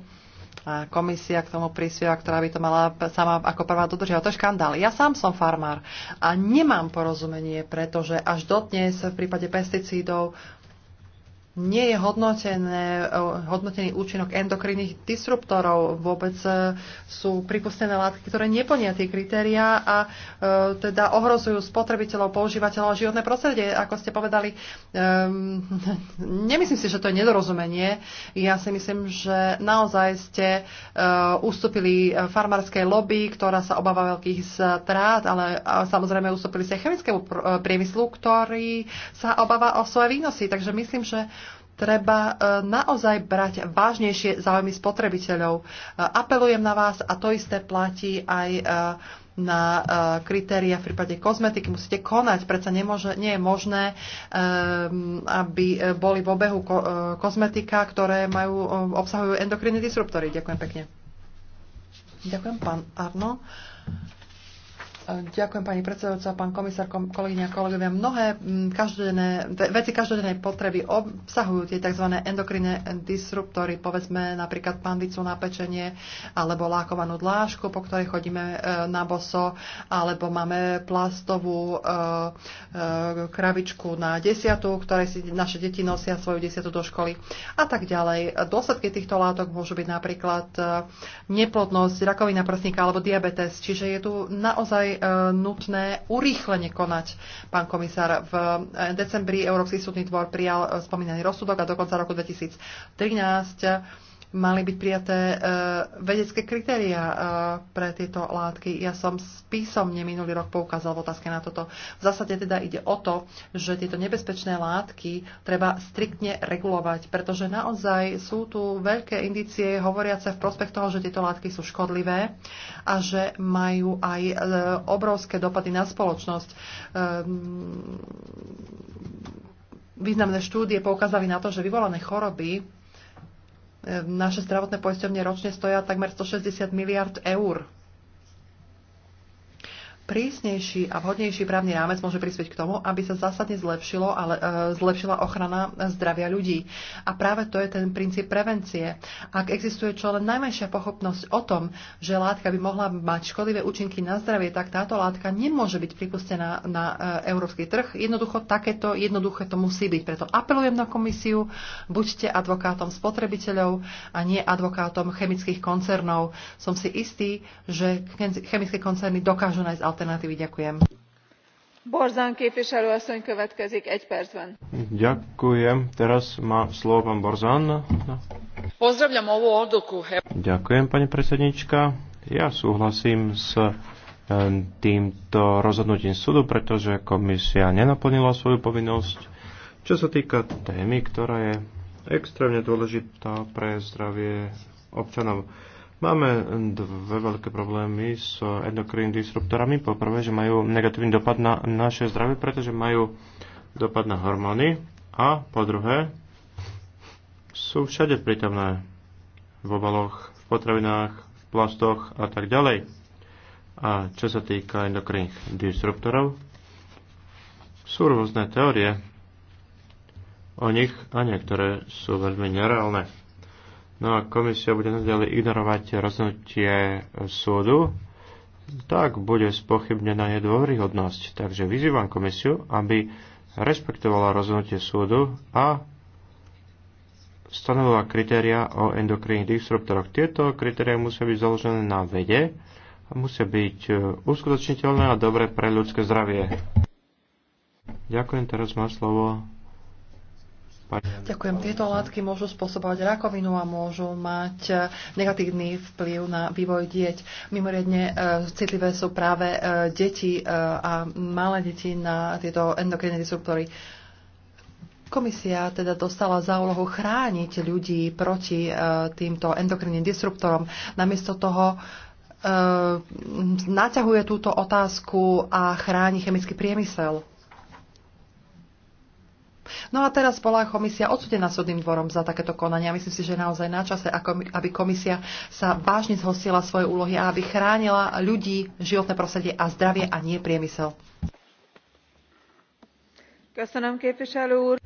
A komisia k tomu prispieva, ktorá by to mala sama ako prvá dodržiavať. To je škandál. Ja sám som farmár a nemám porozumenie, pretože až dotnes v prípade pesticídov nie je hodnotené, hodnotený účinok endokrinných disruptorov. Vôbec e, sú pripustené látky, ktoré neplnia tie kritériá a e, teda ohrozujú spotrebiteľov, používateľov životné prostredie. Ako ste povedali, e, nemyslím si, že to je nedorozumenie. Ja si myslím, že naozaj ste e, ustúpili farmárskej lobby, ktorá sa obáva veľkých strát, ale samozrejme ustúpili ste chemickému priemyslu, ktorý sa obáva o svoje výnosy. Takže myslím, že treba e, naozaj brať vážnejšie záujmy spotrebiteľov. E, apelujem na vás a to isté platí aj e, na kritéria v prípade kozmetiky. Musíte konať, predsa nemôže, nie je možné, aby boli v obehu kozmetika, ktoré majú, obsahujú endokrinní disruptory. Ďakujem pekne. Ďakujem, pán Arno. Ďakujem pani predsedovca, pán komisár, kolegyňa kolegovia. Mnohé mm, každodenné, veci každodennej potreby obsahujú tie tzv. endokrinné disruptory, povedzme napríklad pandicu na pečenie, alebo lákovanú dlášku, po ktorej chodíme e, na boso, alebo máme plastovú e, e, krabičku na desiatu, ktoré si naše deti nosia svoju desiatu do školy a tak ďalej. Dôsledky týchto látok môžu byť napríklad neplodnosť, rakovina prsníka alebo diabetes, čiže je tu naozaj E, nutné urýchlene konať. Pán komisár, v decembri Európsky súdny dvor prijal e, spomínaný rozsudok a do konca roku 2013 mali byť prijaté e, vedecké kritériá e, pre tieto látky. Ja som spísomne minulý rok poukázal v otázke na toto. V zásade teda ide o to, že tieto nebezpečné látky treba striktne regulovať, pretože naozaj sú tu veľké indicie hovoriace v prospech toho, že tieto látky sú škodlivé a že majú aj e, obrovské dopady na spoločnosť ehm, významné štúdie poukázali na to, že vyvolané choroby naše zdravotné poisťovne ročne stoja takmer 160 miliard eur. Prísnejší a vhodnejší právny rámec môže prispieť k tomu, aby sa zásadne zlepšilo, ale, e, zlepšila ochrana zdravia ľudí. A práve to je ten princíp prevencie. Ak existuje čo len najmenšia pochopnosť o tom, že látka by mohla mať škodlivé účinky na zdravie, tak táto látka nemôže byť pripustená na e, európsky trh. Jednoducho takéto jednoduché to musí byť. Preto apelujem na komisiu, buďte advokátom spotrebiteľov a nie advokátom chemických koncernov. Som si istý, že chemické koncerny dokážu nájsť alternatívy. Ďakujem. Borzán képviselő asszony következik egy percben. Ďakujem. Teraz má slovo pán Borzán. Pozdravľam ovú odluku. Ďakujem, pani predsednička. Ja súhlasím s e, týmto rozhodnutím súdu, pretože komisia nenaplnila svoju povinnosť. Čo sa týka témy, ktorá je extrémne dôležitá pre zdravie občanov. Máme dve veľké problémy s endokrinnými disruptorami. Poprvé, že majú negatívny dopad na naše zdravie, pretože majú dopad na hormóny. A po druhé, sú všade prítomné v obaloch, v potravinách, v plastoch a tak ďalej. A čo sa týka endokrinných disruptorov, sú rôzne teórie o nich a niektoré sú veľmi nereálne. No a komisia bude nadalej ignorovať rozhodnutie súdu, tak bude spochybnená jej dôveryhodnosť. Takže vyzývam komisiu, aby rešpektovala rozhodnutie súdu a stanovila kritéria o endokrinných disruptoroch. Tieto kritéria musia byť založené na vede a musia byť e, uskutočniteľné a dobré pre ľudské zdravie. Ďakujem, teraz má slovo Ďakujem. Tieto látky môžu spôsobovať rakovinu a môžu mať eh, negatívny vplyv na vývoj dieť. Mimoriadne eh, citlivé sú práve eh, deti a malé deti na tieto endokrinné disruptory. Komisia teda dostala za úlohu chrániť ľudí proti týmto endokrinným disruptorom. Namiesto toho naťahuje túto otázku a chráni chemický priemysel. No a teraz bola komisia odsudená súdnym dvorom za takéto konania. Myslím si, že naozaj na čase, aby komisia sa vážne zhostila svoje úlohy a aby chránila ľudí, životné prostredie a zdravie a nie priemysel.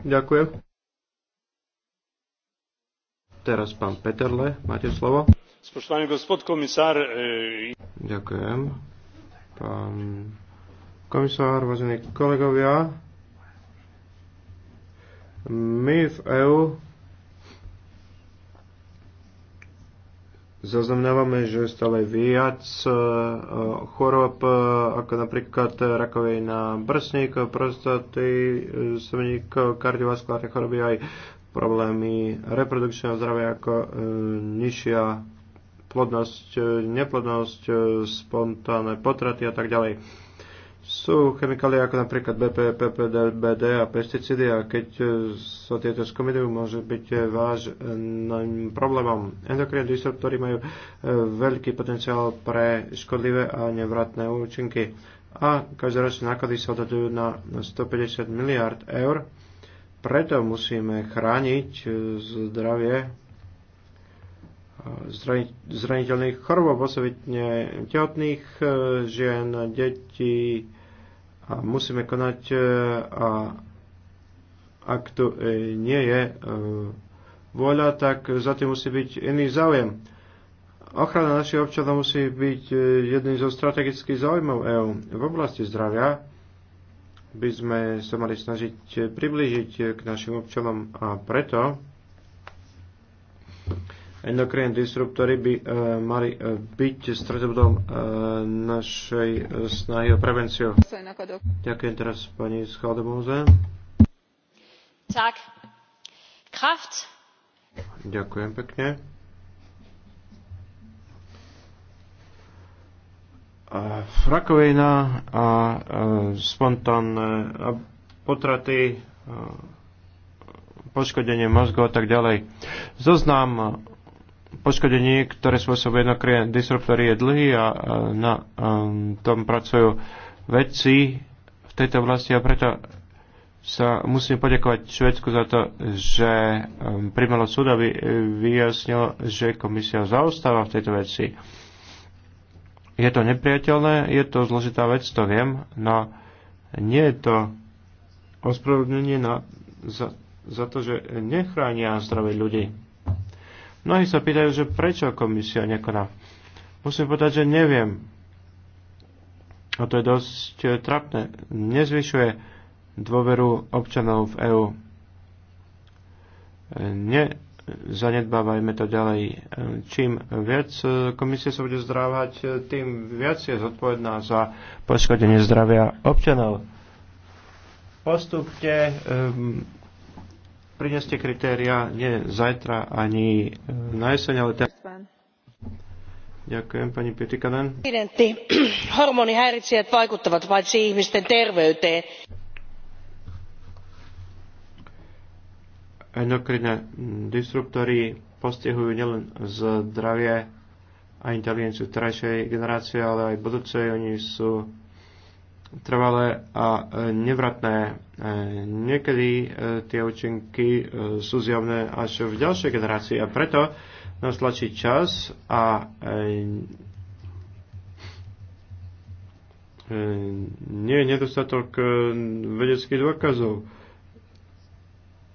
Ďakujem. Teraz pán Peterle, máte slovo. Spoštovaný gospod komisár. E, Ďakujem. Pán komisár, vážení kolegovia, my v EÚ zaznamenávame, že stále viac e, e, chorób, e, ako napríklad rakovina brsník, prostaty, semeník, kardiovaskulárne choroby, aj problémy reprodukčného zdravia ako nižšia plodnosť, neplodnosť, spontánne potraty a tak ďalej sú chemikálie ako napríklad BP, PPD, a pesticídy a keď e, sa tieto skomidujú, môže byť e, vážnym problémom. Endokrín disruptory majú e, veľký potenciál pre škodlivé a nevratné účinky a každoročné náklady sa odhadujú na 150 miliard eur. Preto musíme chrániť zdravie zraniteľných chorôb, osobitne tehotných e, žien, detí a musíme konať e, a ak to e, nie je vôľa, tak za tým musí byť iný záujem. Ochrana našich občanov musí byť jedným zo strategických záujmov EÚ. V oblasti zdravia by sme sa mali snažiť priblížiť k našim občanom a preto endokrinní disruptory by uh, mali uh, byť stredobodom uh, našej uh, snahy o prevenciu. Ďakujem teraz pani Schaldemouze. Tak. Kraft. Ďakujem pekne. Uh, rakovina a uh, spontánne potraty, uh, poškodenie mozgu a tak ďalej. Zoznam poškodení, ktoré spôsobujú jednokrie disruptory, je dlhý a na um, tom pracujú vedci v tejto oblasti a preto sa musím poďakovať Švedsku za to, že um, primelo súd, aby vyjasnilo, že komisia zaostáva v tejto veci. Je to nepriateľné, je to zložitá vec, to viem, no nie je to ospravedlnenie za, za to, že nechránia zdravie ľudí. Mnohí sa pýtajú, že prečo komisia nekoná. Musím povedať, že neviem. A to je dosť eh, trapné. Nezvyšuje dôveru občanov v EÚ. Eh, ne, zanedbávajme to ďalej. Eh, čím viac Komisie sa bude zdrávať, tým viac je zodpovedná za poškodenie zdravia občanov. Postupne um, prineste kritéria nie zajtra ani e, na jeseň, ale teraz. Ďakujem, pani Pytikanen. hormonihäiritsijät vaikuttavat paitsi ihmisten terveyteen. Endokrinné disruptory postihujú nielen zdravie a inteligenciu terajšej generácie, ale aj budúcej. Oni sú trvalé a e, nevratné. E, niekedy e, tie účinky sú zjavné až v ďalšej generácii a preto nás tlačí čas a nie je nedostatok vedeckých dôkazov.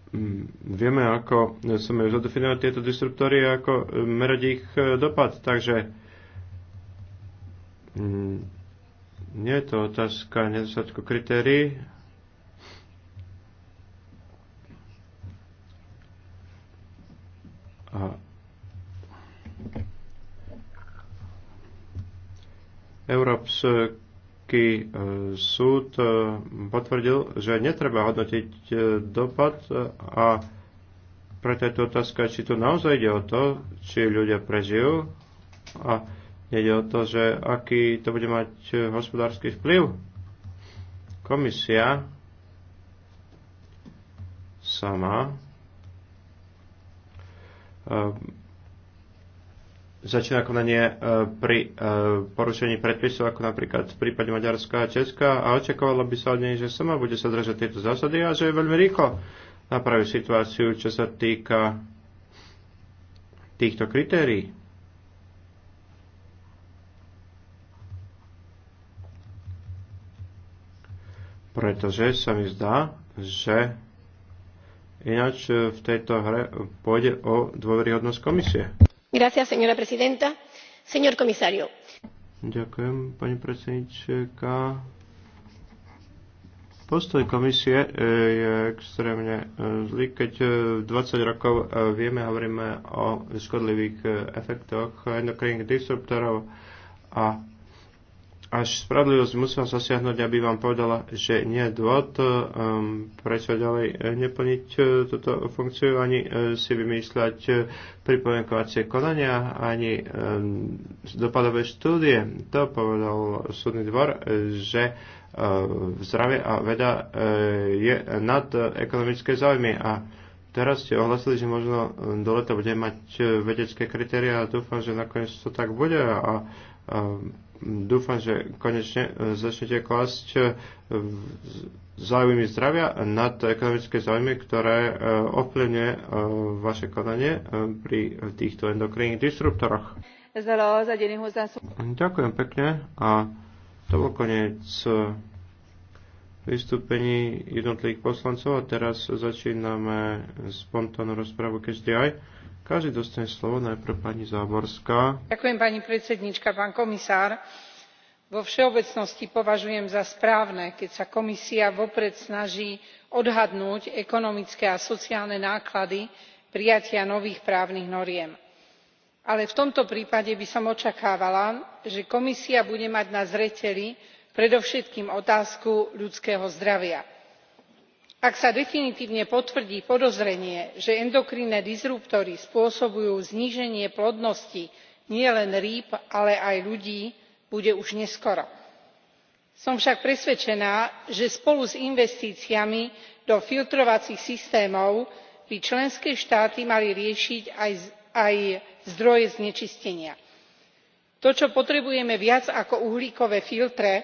Mm, vieme, ako sa majú zadefinovať tieto disruptory a ako merať ich dopad. Takže mm, nie je to otázka nedostatku kritérií. A Európsky e, súd e, potvrdil, že netreba hodnotiť e, dopad a preto je tu otázka, či tu naozaj ide o to, či ľudia prežijú a Nede o to, že aký to bude mať e, hospodársky vplyv. Komisia sama e, začína konanie e, pri porušení predpisov, ako napríklad v prípade Maďarska a Česka a očakovalo by sa od nej, že sama bude sa držať tieto zásady a že je veľmi rýchlo napraví situáciu, čo sa týka týchto kritérií. pretože sa mi zdá, že ináč v tejto hre pôjde o dôveryhodnosť komisie. Gracias, señora presidenta. Señor comisario. Ďakujem, pani predsedníčka. Postoj komisie e, je extrémne e, zlý, keď 20 e, rokov vieme, hovoríme o škodlivých efektoch endokrinných disruptorov a až spravodlivosť musela zasiahnuť, aby vám povedala, že nie je dôvod, um, prečo ďalej e, neplniť uh, túto funkciu, ani uh, si vymýšľať uh, pripomienkovacie konania, ani um, dopadové štúdie. To povedal súdny dvor, že uh, zdravie a veda uh, je nad uh, ekonomické záujmy a Teraz ste ohlasili, že možno do leta bude mať vedecké kritéria a dúfam, že nakoniec to tak bude a, a ehm, dúfam, že konečne e, začnete klásť e, záujmy zdravia nad ekonomické záujmy, ktoré e, ovplyvňuje vaše konanie pri týchto endokrinných disruptoroch. Ďakujem pekne a to bol koniec vystúpení jednotlivých poslancov a teraz začíname spontánnu rozpravu aj. Každý dostane slovo, najprv pani Záborská. Ďakujem pani predsednička, pán komisár. Vo všeobecnosti považujem za správne, keď sa komisia vopred snaží odhadnúť ekonomické a sociálne náklady prijatia nových právnych noriem ale v tomto prípade by som očakávala že komisia bude mať na zreteli predovšetkým otázku ľudského zdravia ak sa definitívne potvrdí podozrenie že endokrinné disruptory spôsobujú zníženie plodnosti nielen rýb ale aj ľudí bude už neskoro. som však presvedčená že spolu s investíciami do filtrovacích systémov by členské štáty mali riešiť aj zdroje znečistenia. to čo potrebujeme viac ako uhlíkové filtre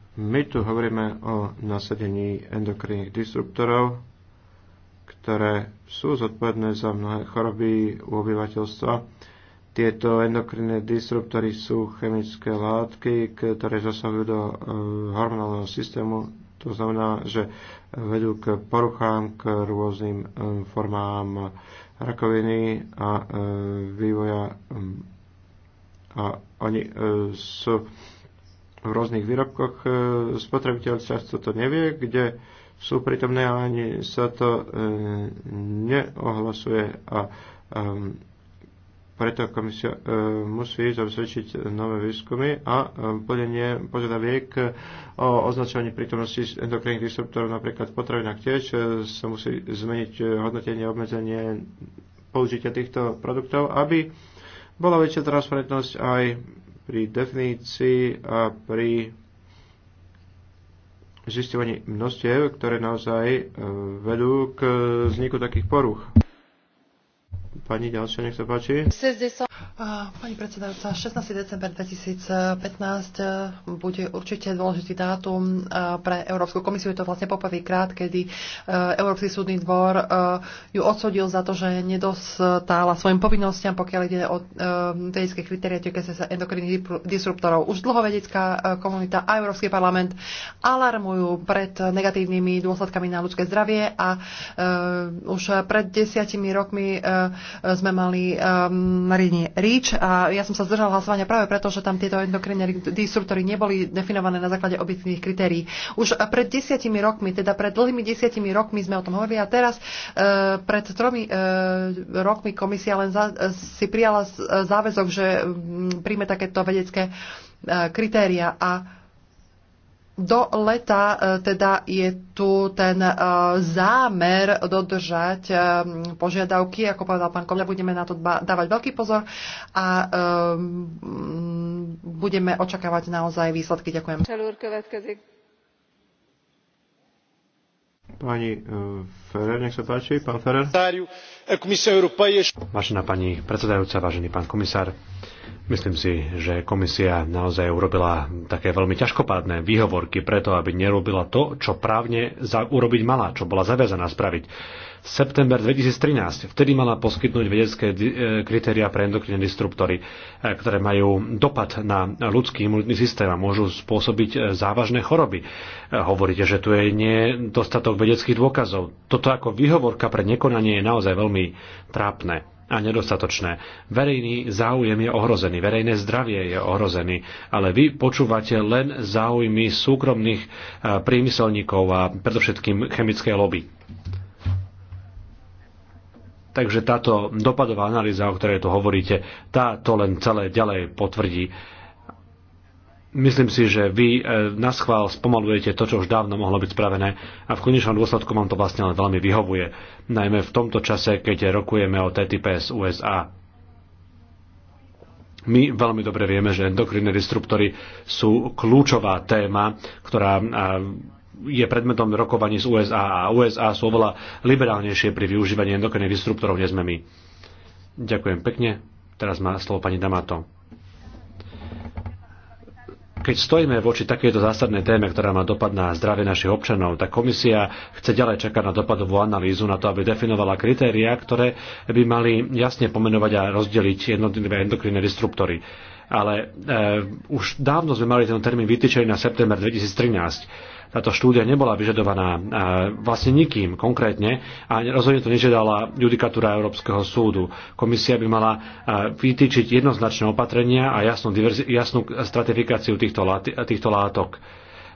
My tu hovoríme o nasadení endokrinných disruptorov, ktoré sú zodpovedné za mnohé choroby u obyvateľstva. Tieto endokrinné disruptory sú chemické látky, ktoré zasahujú do e, hormonálneho systému. To znamená, že vedú k poruchám, k rôznym e, formám rakoviny a e, vývoja. A oni sú v rôznych výrobkoch. E, spotrebiteľ často to nevie, kde sú pritomné a ani sa to e, neohlasuje a e, preto komisia e, musí zabezpečiť nové výskumy a e, plnenie požiadaviek o označovaní prítomnosti endokrinných disruptorov napríklad v potravinách tiež e, sa musí zmeniť e, hodnotenie obmedzenie použitia týchto produktov, aby bola väčšia transparentnosť aj pri definícii a pri zistovaní množstiev, ktoré naozaj e, vedú k vzniku takých poruch. Pani ďalšia, nech sa páči. Pani predsedajúca, 16. december 2015 eh, bude určite dôležitý dátum eh, pre Európsku komisiu. Je to vlastne poprvýkrát, kedy eh, Európsky súdny dvor ju odsudil za to, že nedostála svojim povinnostiam, pokiaľ ide o vedecké kritéria týkajúce sa endokrinných disruptorov. Už dlho vedecká komunita a Európsky parlament alarmujú pred negatívnymi dôsledkami na ľudské zdravie a už pred desiatimi rokmi sme mali nariadenie REACH a ja som sa zdržal hlasovania práve preto, že tam tieto endokrinné disruptory neboli definované na základe objektívnych kritérií. Už pred desiatimi rokmi, teda pred dlhými desiatimi rokmi sme o tom hovorili a teraz e, pred tromi e, rokmi komisia len za, e, si prijala záväzok, že príjme takéto vedecké e, kritéria a do leta e, teda je tu ten e, zámer dodržať e, požiadavky, ako povedal pán Kovľa, budeme na to dávať veľký pozor a budeme očakávať naozaj výsledky. Ďakujem. Pani Ferrer, nech sa páči. Pán Ferrer. Vážená pani predsedajúca, vážený pán komisár, Myslím si, že komisia naozaj urobila také veľmi ťažkopádne výhovorky preto, aby nerobila to, čo právne za, urobiť mala, čo bola zaviazaná spraviť. September 2013, vtedy mala poskytnúť vedecké e, kritéria pre endokrinné disruptory, e, ktoré majú dopad na ľudský imunitný systém a môžu spôsobiť e, závažné choroby. Hovoríte, že tu je nedostatok vedeckých dôkazov. Toto ako výhovorka pre nekonanie je naozaj veľmi trápne a nedostatočné. Verejný záujem je ohrozený, verejné zdravie je ohrozený, ale vy počúvate len záujmy súkromných eh, priemyselníkov a predovšetkým chemické lobby. Takže táto dopadová analýza, o ktorej tu hovoríte, tá to len celé ďalej potvrdí. Myslím si, že vy e, na schvál spomalujete to, čo už dávno mohlo byť spravené a v konečnom dôsledku vám to vlastne len veľmi vyhovuje, najmä v tomto čase, keď rokujeme o TTIP z USA. My veľmi dobre vieme, že endokrinné disruptory sú kľúčová téma, ktorá e, je predmetom rokovaní z USA a USA sú oveľa liberálnejšie pri využívaní endokrinných disruptorov, než sme my. Ďakujem pekne. Teraz má slovo pani Damato. Keď stojíme voči takejto zásadnej téme, ktorá má dopad na zdravie našich občanov, tak komisia chce ďalej čakať na dopadovú analýzu na to, aby definovala kritériá, ktoré by mali jasne pomenovať a rozdeliť jednotlivé endokrinné disruptory. Ale e, už dávno sme mali ten termín vytýčený na september 2013 táto štúdia nebola vyžadovaná e, vlastne nikým konkrétne a rozhodne to nežiadala judikatúra Európskeho súdu. Komisia by mala e, vytýčiť jednoznačné opatrenia a jasnú, diverzi- jasnú stratifikáciu týchto, lát- týchto látok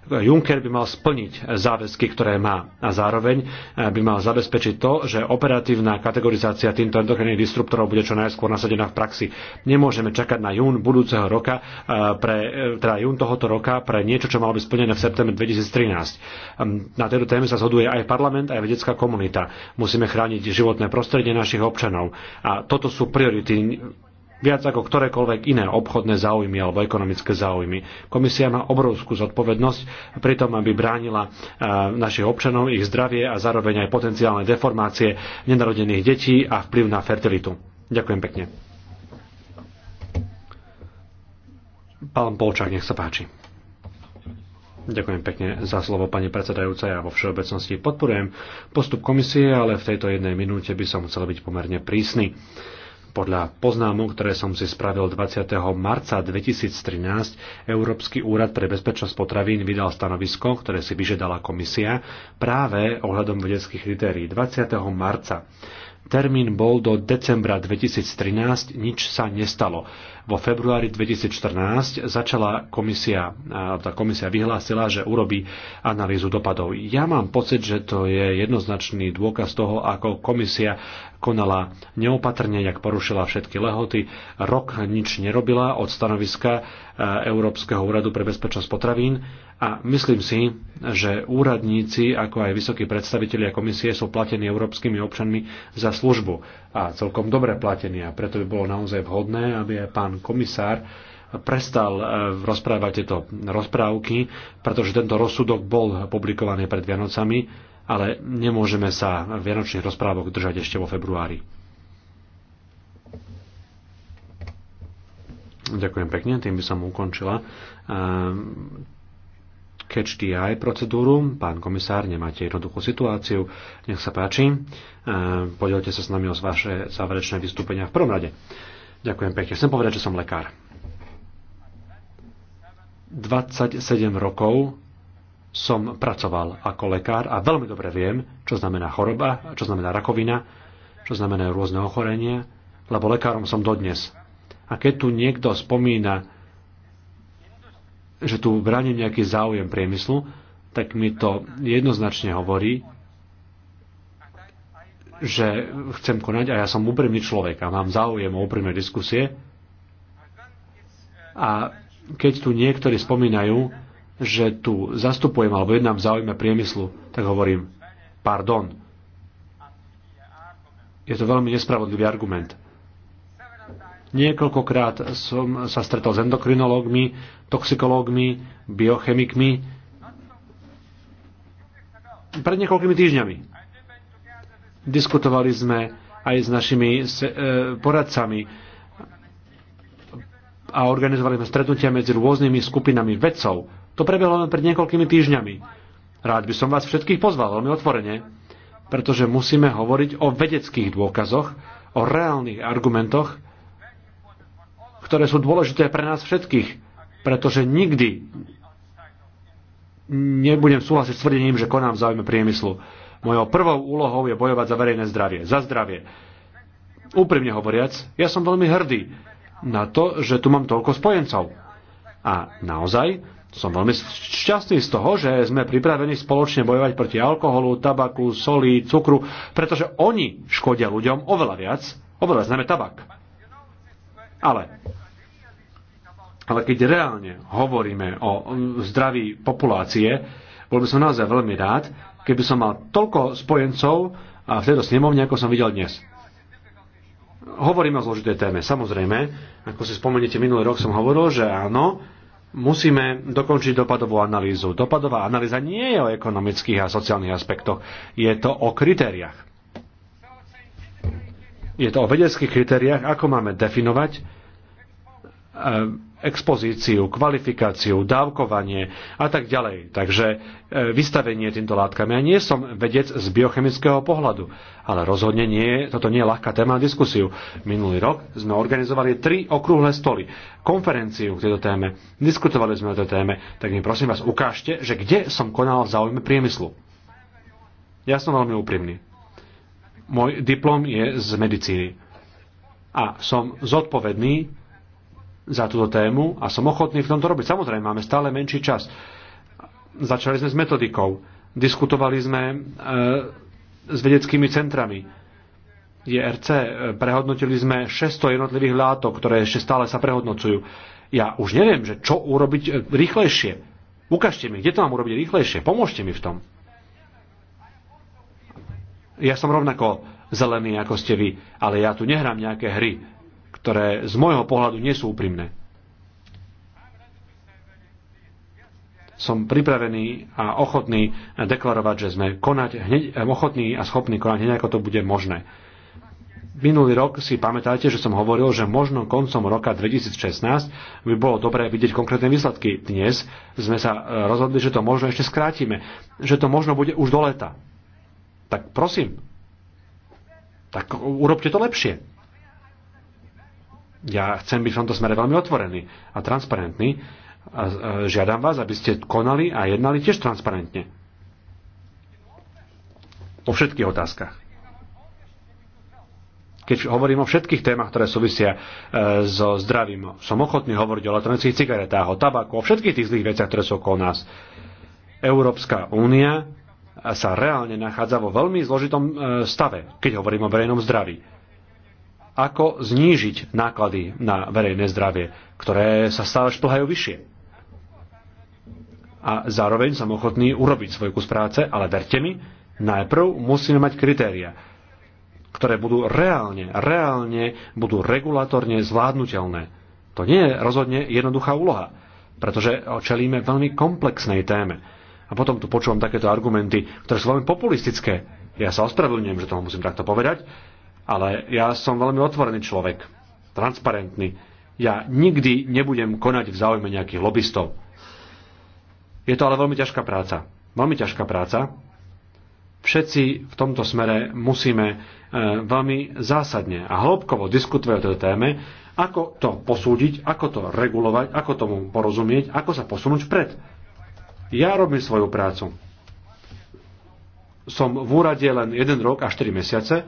Juncker by mal splniť záväzky, ktoré má a zároveň eh, by mal zabezpečiť to, že operatívna kategorizácia týmto endokrinných disruptorov bude čo najskôr nasadená v praxi. Nemôžeme čakať na jún budúceho roka, eh, pre, eh, teda jún tohoto roka pre niečo, čo malo byť splnené v septembri 2013. Hm, na tejto téme sa zhoduje aj parlament, aj vedecká komunita. Musíme chrániť životné prostredie našich občanov. A toto sú priority viac ako ktorékoľvek iné obchodné záujmy alebo ekonomické záujmy. Komisia má obrovskú zodpovednosť pri tom, aby bránila e, našich občanov, ich zdravie a zároveň aj potenciálne deformácie nenarodených detí a vplyv na fertilitu. Ďakujem pekne. Pán Polčák, nech sa páči. Ďakujem pekne za slovo, pani predsedajúca. Ja vo všeobecnosti podporujem postup komisie, ale v tejto jednej minúte by som chcel byť pomerne prísny. Uh, podľa poznámok, ktoré som si spravil 20. marca 2013, Európsky úrad pre bezpečnosť potravín vydal stanovisko, ktoré si vyžiadala komisia práve ohľadom vedeckých kritérií 20. marca. Termín bol do decembra 2013, nič sa nestalo. Vo februári 2014 začala komisia, tá komisia vyhlásila, že urobí analýzu dopadov. Ja mám pocit, že to je jednoznačný dôkaz toho, ako komisia konala neopatrne, jak porušila všetky lehoty. Rok nič nerobila od stanoviska e, Európskeho úradu pre bezpečnosť potravín a myslím si, že úradníci, ako aj vysokí predstavitelia komisie sú platení európskymi občanmi za službu a celkom dobre platení a preto by bolo naozaj vhodné, aby aj pán komisár prestal e, rozprávať tieto rozprávky, pretože tento rozsudok bol publikovaný pred Vianocami, ale nemôžeme sa vianočných rozprávok držať ešte vo februári. Ďakujem pekne, tým by som ukončila e, catch the eye procedúru. Pán komisár, nemáte jednoduchú situáciu. Nech sa páči. E, Podielte sa s nami o vaše záverečné vystúpenia v prvom rade. Ďakujem pekne. Chcem povedať, že som lekár. 27 rokov som pracoval ako lekár a veľmi dobre viem, čo znamená choroba, čo znamená rakovina, čo znamená rôzne ochorenia, lebo lekárom som dodnes. A keď tu niekto spomína že tu bránim nejaký záujem priemyslu, tak mi to jednoznačne hovorí, že chcem konať a ja som úprimný človek a mám záujem o úprimné diskusie. A keď tu niektorí spomínajú, že tu zastupujem alebo jednám záujme priemyslu, tak hovorím, pardon. Je to veľmi nespravodlivý argument. Niekoľkokrát som sa stretol s endokrinológmi, toxikológmi, biochemikmi pred niekoľkými týždňami. Diskutovali sme aj s našimi e, poradcami a organizovali sme stretnutia medzi rôznymi skupinami vedcov. To prebehlo len pred niekoľkými týždňami. Rád by som vás všetkých pozval veľmi otvorene, pretože musíme hovoriť o vedeckých dôkazoch, o reálnych argumentoch, ktoré sú dôležité pre nás všetkých, pretože nikdy nebudem súhlasiť s tvrdením, že konám v záujme priemyslu. Mojou prvou úlohou je bojovať za verejné zdravie, za zdravie. Úprimne hovoriac, ja som veľmi hrdý na to, že tu mám toľko spojencov. A naozaj som veľmi šťastný z toho, že sme pripravení spoločne bojovať proti alkoholu, tabaku, soli, cukru, pretože oni škodia ľuďom oveľa viac, oveľa známe tabak. Ale ale keď reálne hovoríme o zdraví populácie, bol by som naozaj veľmi rád, keby som mal toľko spojencov a v tejto snemovne, ako som videl dnes. Hovoríme o zložitej téme, samozrejme. Ako si spomeniete, minulý rok som hovoril, že áno, musíme dokončiť dopadovú analýzu. Dopadová analýza nie je o ekonomických a sociálnych aspektoch, je to o kritériách. Je to o vedeckých kritériách, ako máme definovať Eh, expozíciu, kvalifikáciu, dávkovanie a tak ďalej. Takže eh, vystavenie týmto látkami. Ja nie som vedec z biochemického pohľadu, ale rozhodne nie, toto nie je ľahká téma na diskusiu. Minulý rok sme organizovali tri okrúhle stoly, konferenciu k tejto téme, diskutovali sme o tejto téme, tak mi prosím vás ukážte, že kde som konal v záujme priemyslu. Ja som veľmi úprimný. Môj diplom je z medicíny. A som zodpovedný za túto tému a som ochotný v tomto robiť. Samozrejme, máme stále menší čas. Začali sme s metodikou, diskutovali sme e, s vedeckými centrami JRC, e, prehodnotili sme 600 jednotlivých látok, ktoré ešte stále sa prehodnocujú. Ja už neviem, že čo urobiť e, rýchlejšie. Ukážte mi, kde to mám urobiť rýchlejšie. Pomôžte mi v tom. Ja som rovnako zelený, ako ste vy, ale ja tu nehrám nejaké hry ktoré z môjho pohľadu nie sú úprimné. Som pripravený a ochotný deklarovať, že sme konať hneď, eh, ochotní a schopní konať hneď, ako to bude možné. Minulý rok si pamätáte, že som hovoril, že možno koncom roka 2016 by bolo dobré vidieť konkrétne výsledky. Dnes sme sa eh, rozhodli, že to možno ešte skrátime, že to možno bude už do leta. Tak prosím, tak urobte to lepšie. Ja chcem byť v tomto smere veľmi otvorený a transparentný. A žiadam vás, aby ste konali a jednali tiež transparentne. O všetkých otázkach. Keď hovorím o všetkých témach, ktoré súvisia e, so zdravím, som ochotný hovoriť o elektronických cigaretách, o tabaku, o všetkých tých zlých veciach, ktoré sú okolo nás. Európska únia sa reálne nachádza vo veľmi zložitom e, stave, keď hovorím o verejnom zdraví ako znížiť náklady na verejné zdravie, ktoré sa stále šplhajú vyššie. A zároveň som ochotný urobiť svoj kus práce, ale verte mi, najprv musíme mať kritéria, ktoré budú reálne, reálne budú regulatorne zvládnutelné. To nie je rozhodne jednoduchá úloha, pretože čelíme veľmi komplexnej téme. A potom tu počúvam takéto argumenty, ktoré sú veľmi populistické. Ja sa ospravedlňujem, že to musím takto povedať, ale ja som veľmi otvorený človek, transparentný. Ja nikdy nebudem konať v záujme nejakých lobbystov. Je to ale veľmi ťažká práca. Veľmi ťažká práca. Všetci v tomto smere musíme e, veľmi zásadne a hĺbkovo diskutovať o tejto téme, ako to posúdiť, ako to regulovať, ako tomu porozumieť, ako sa posunúť vpred. Ja robím svoju prácu. Som v úrade len jeden rok a 4 mesiace,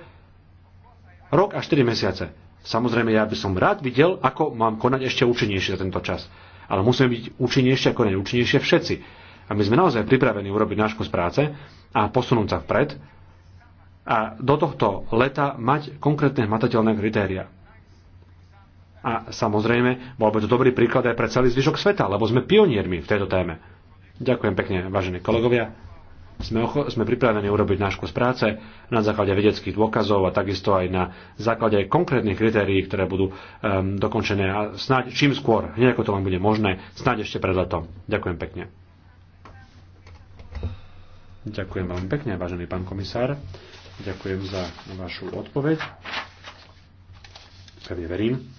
Rok a 4 mesiace. Samozrejme, ja by som rád videl, ako mám konať ešte účinnejšie za tento čas. Ale musíme byť účinnejšie a konať účinnejšie všetci. A my sme naozaj pripravení urobiť náš kus práce a posunúť sa vpred a do tohto leta mať konkrétne hmatateľné kritéria. A samozrejme, bol by to dobrý príklad aj pre celý zvyšok sveta, lebo sme pioniermi v tejto téme. Ďakujem pekne, vážení kolegovia. Sme, ocho- sme pripravení urobiť náš kus práce na základe vedeckých dôkazov a takisto aj na základe konkrétnych kritérií, ktoré budú um, dokončené a snáď čím skôr, hneď ako to len bude možné, snáď ešte pred letom. Ďakujem pekne. Ďakujem veľmi pekne, vážený pán komisár. Ďakujem za vašu odpoveď. Pevne verím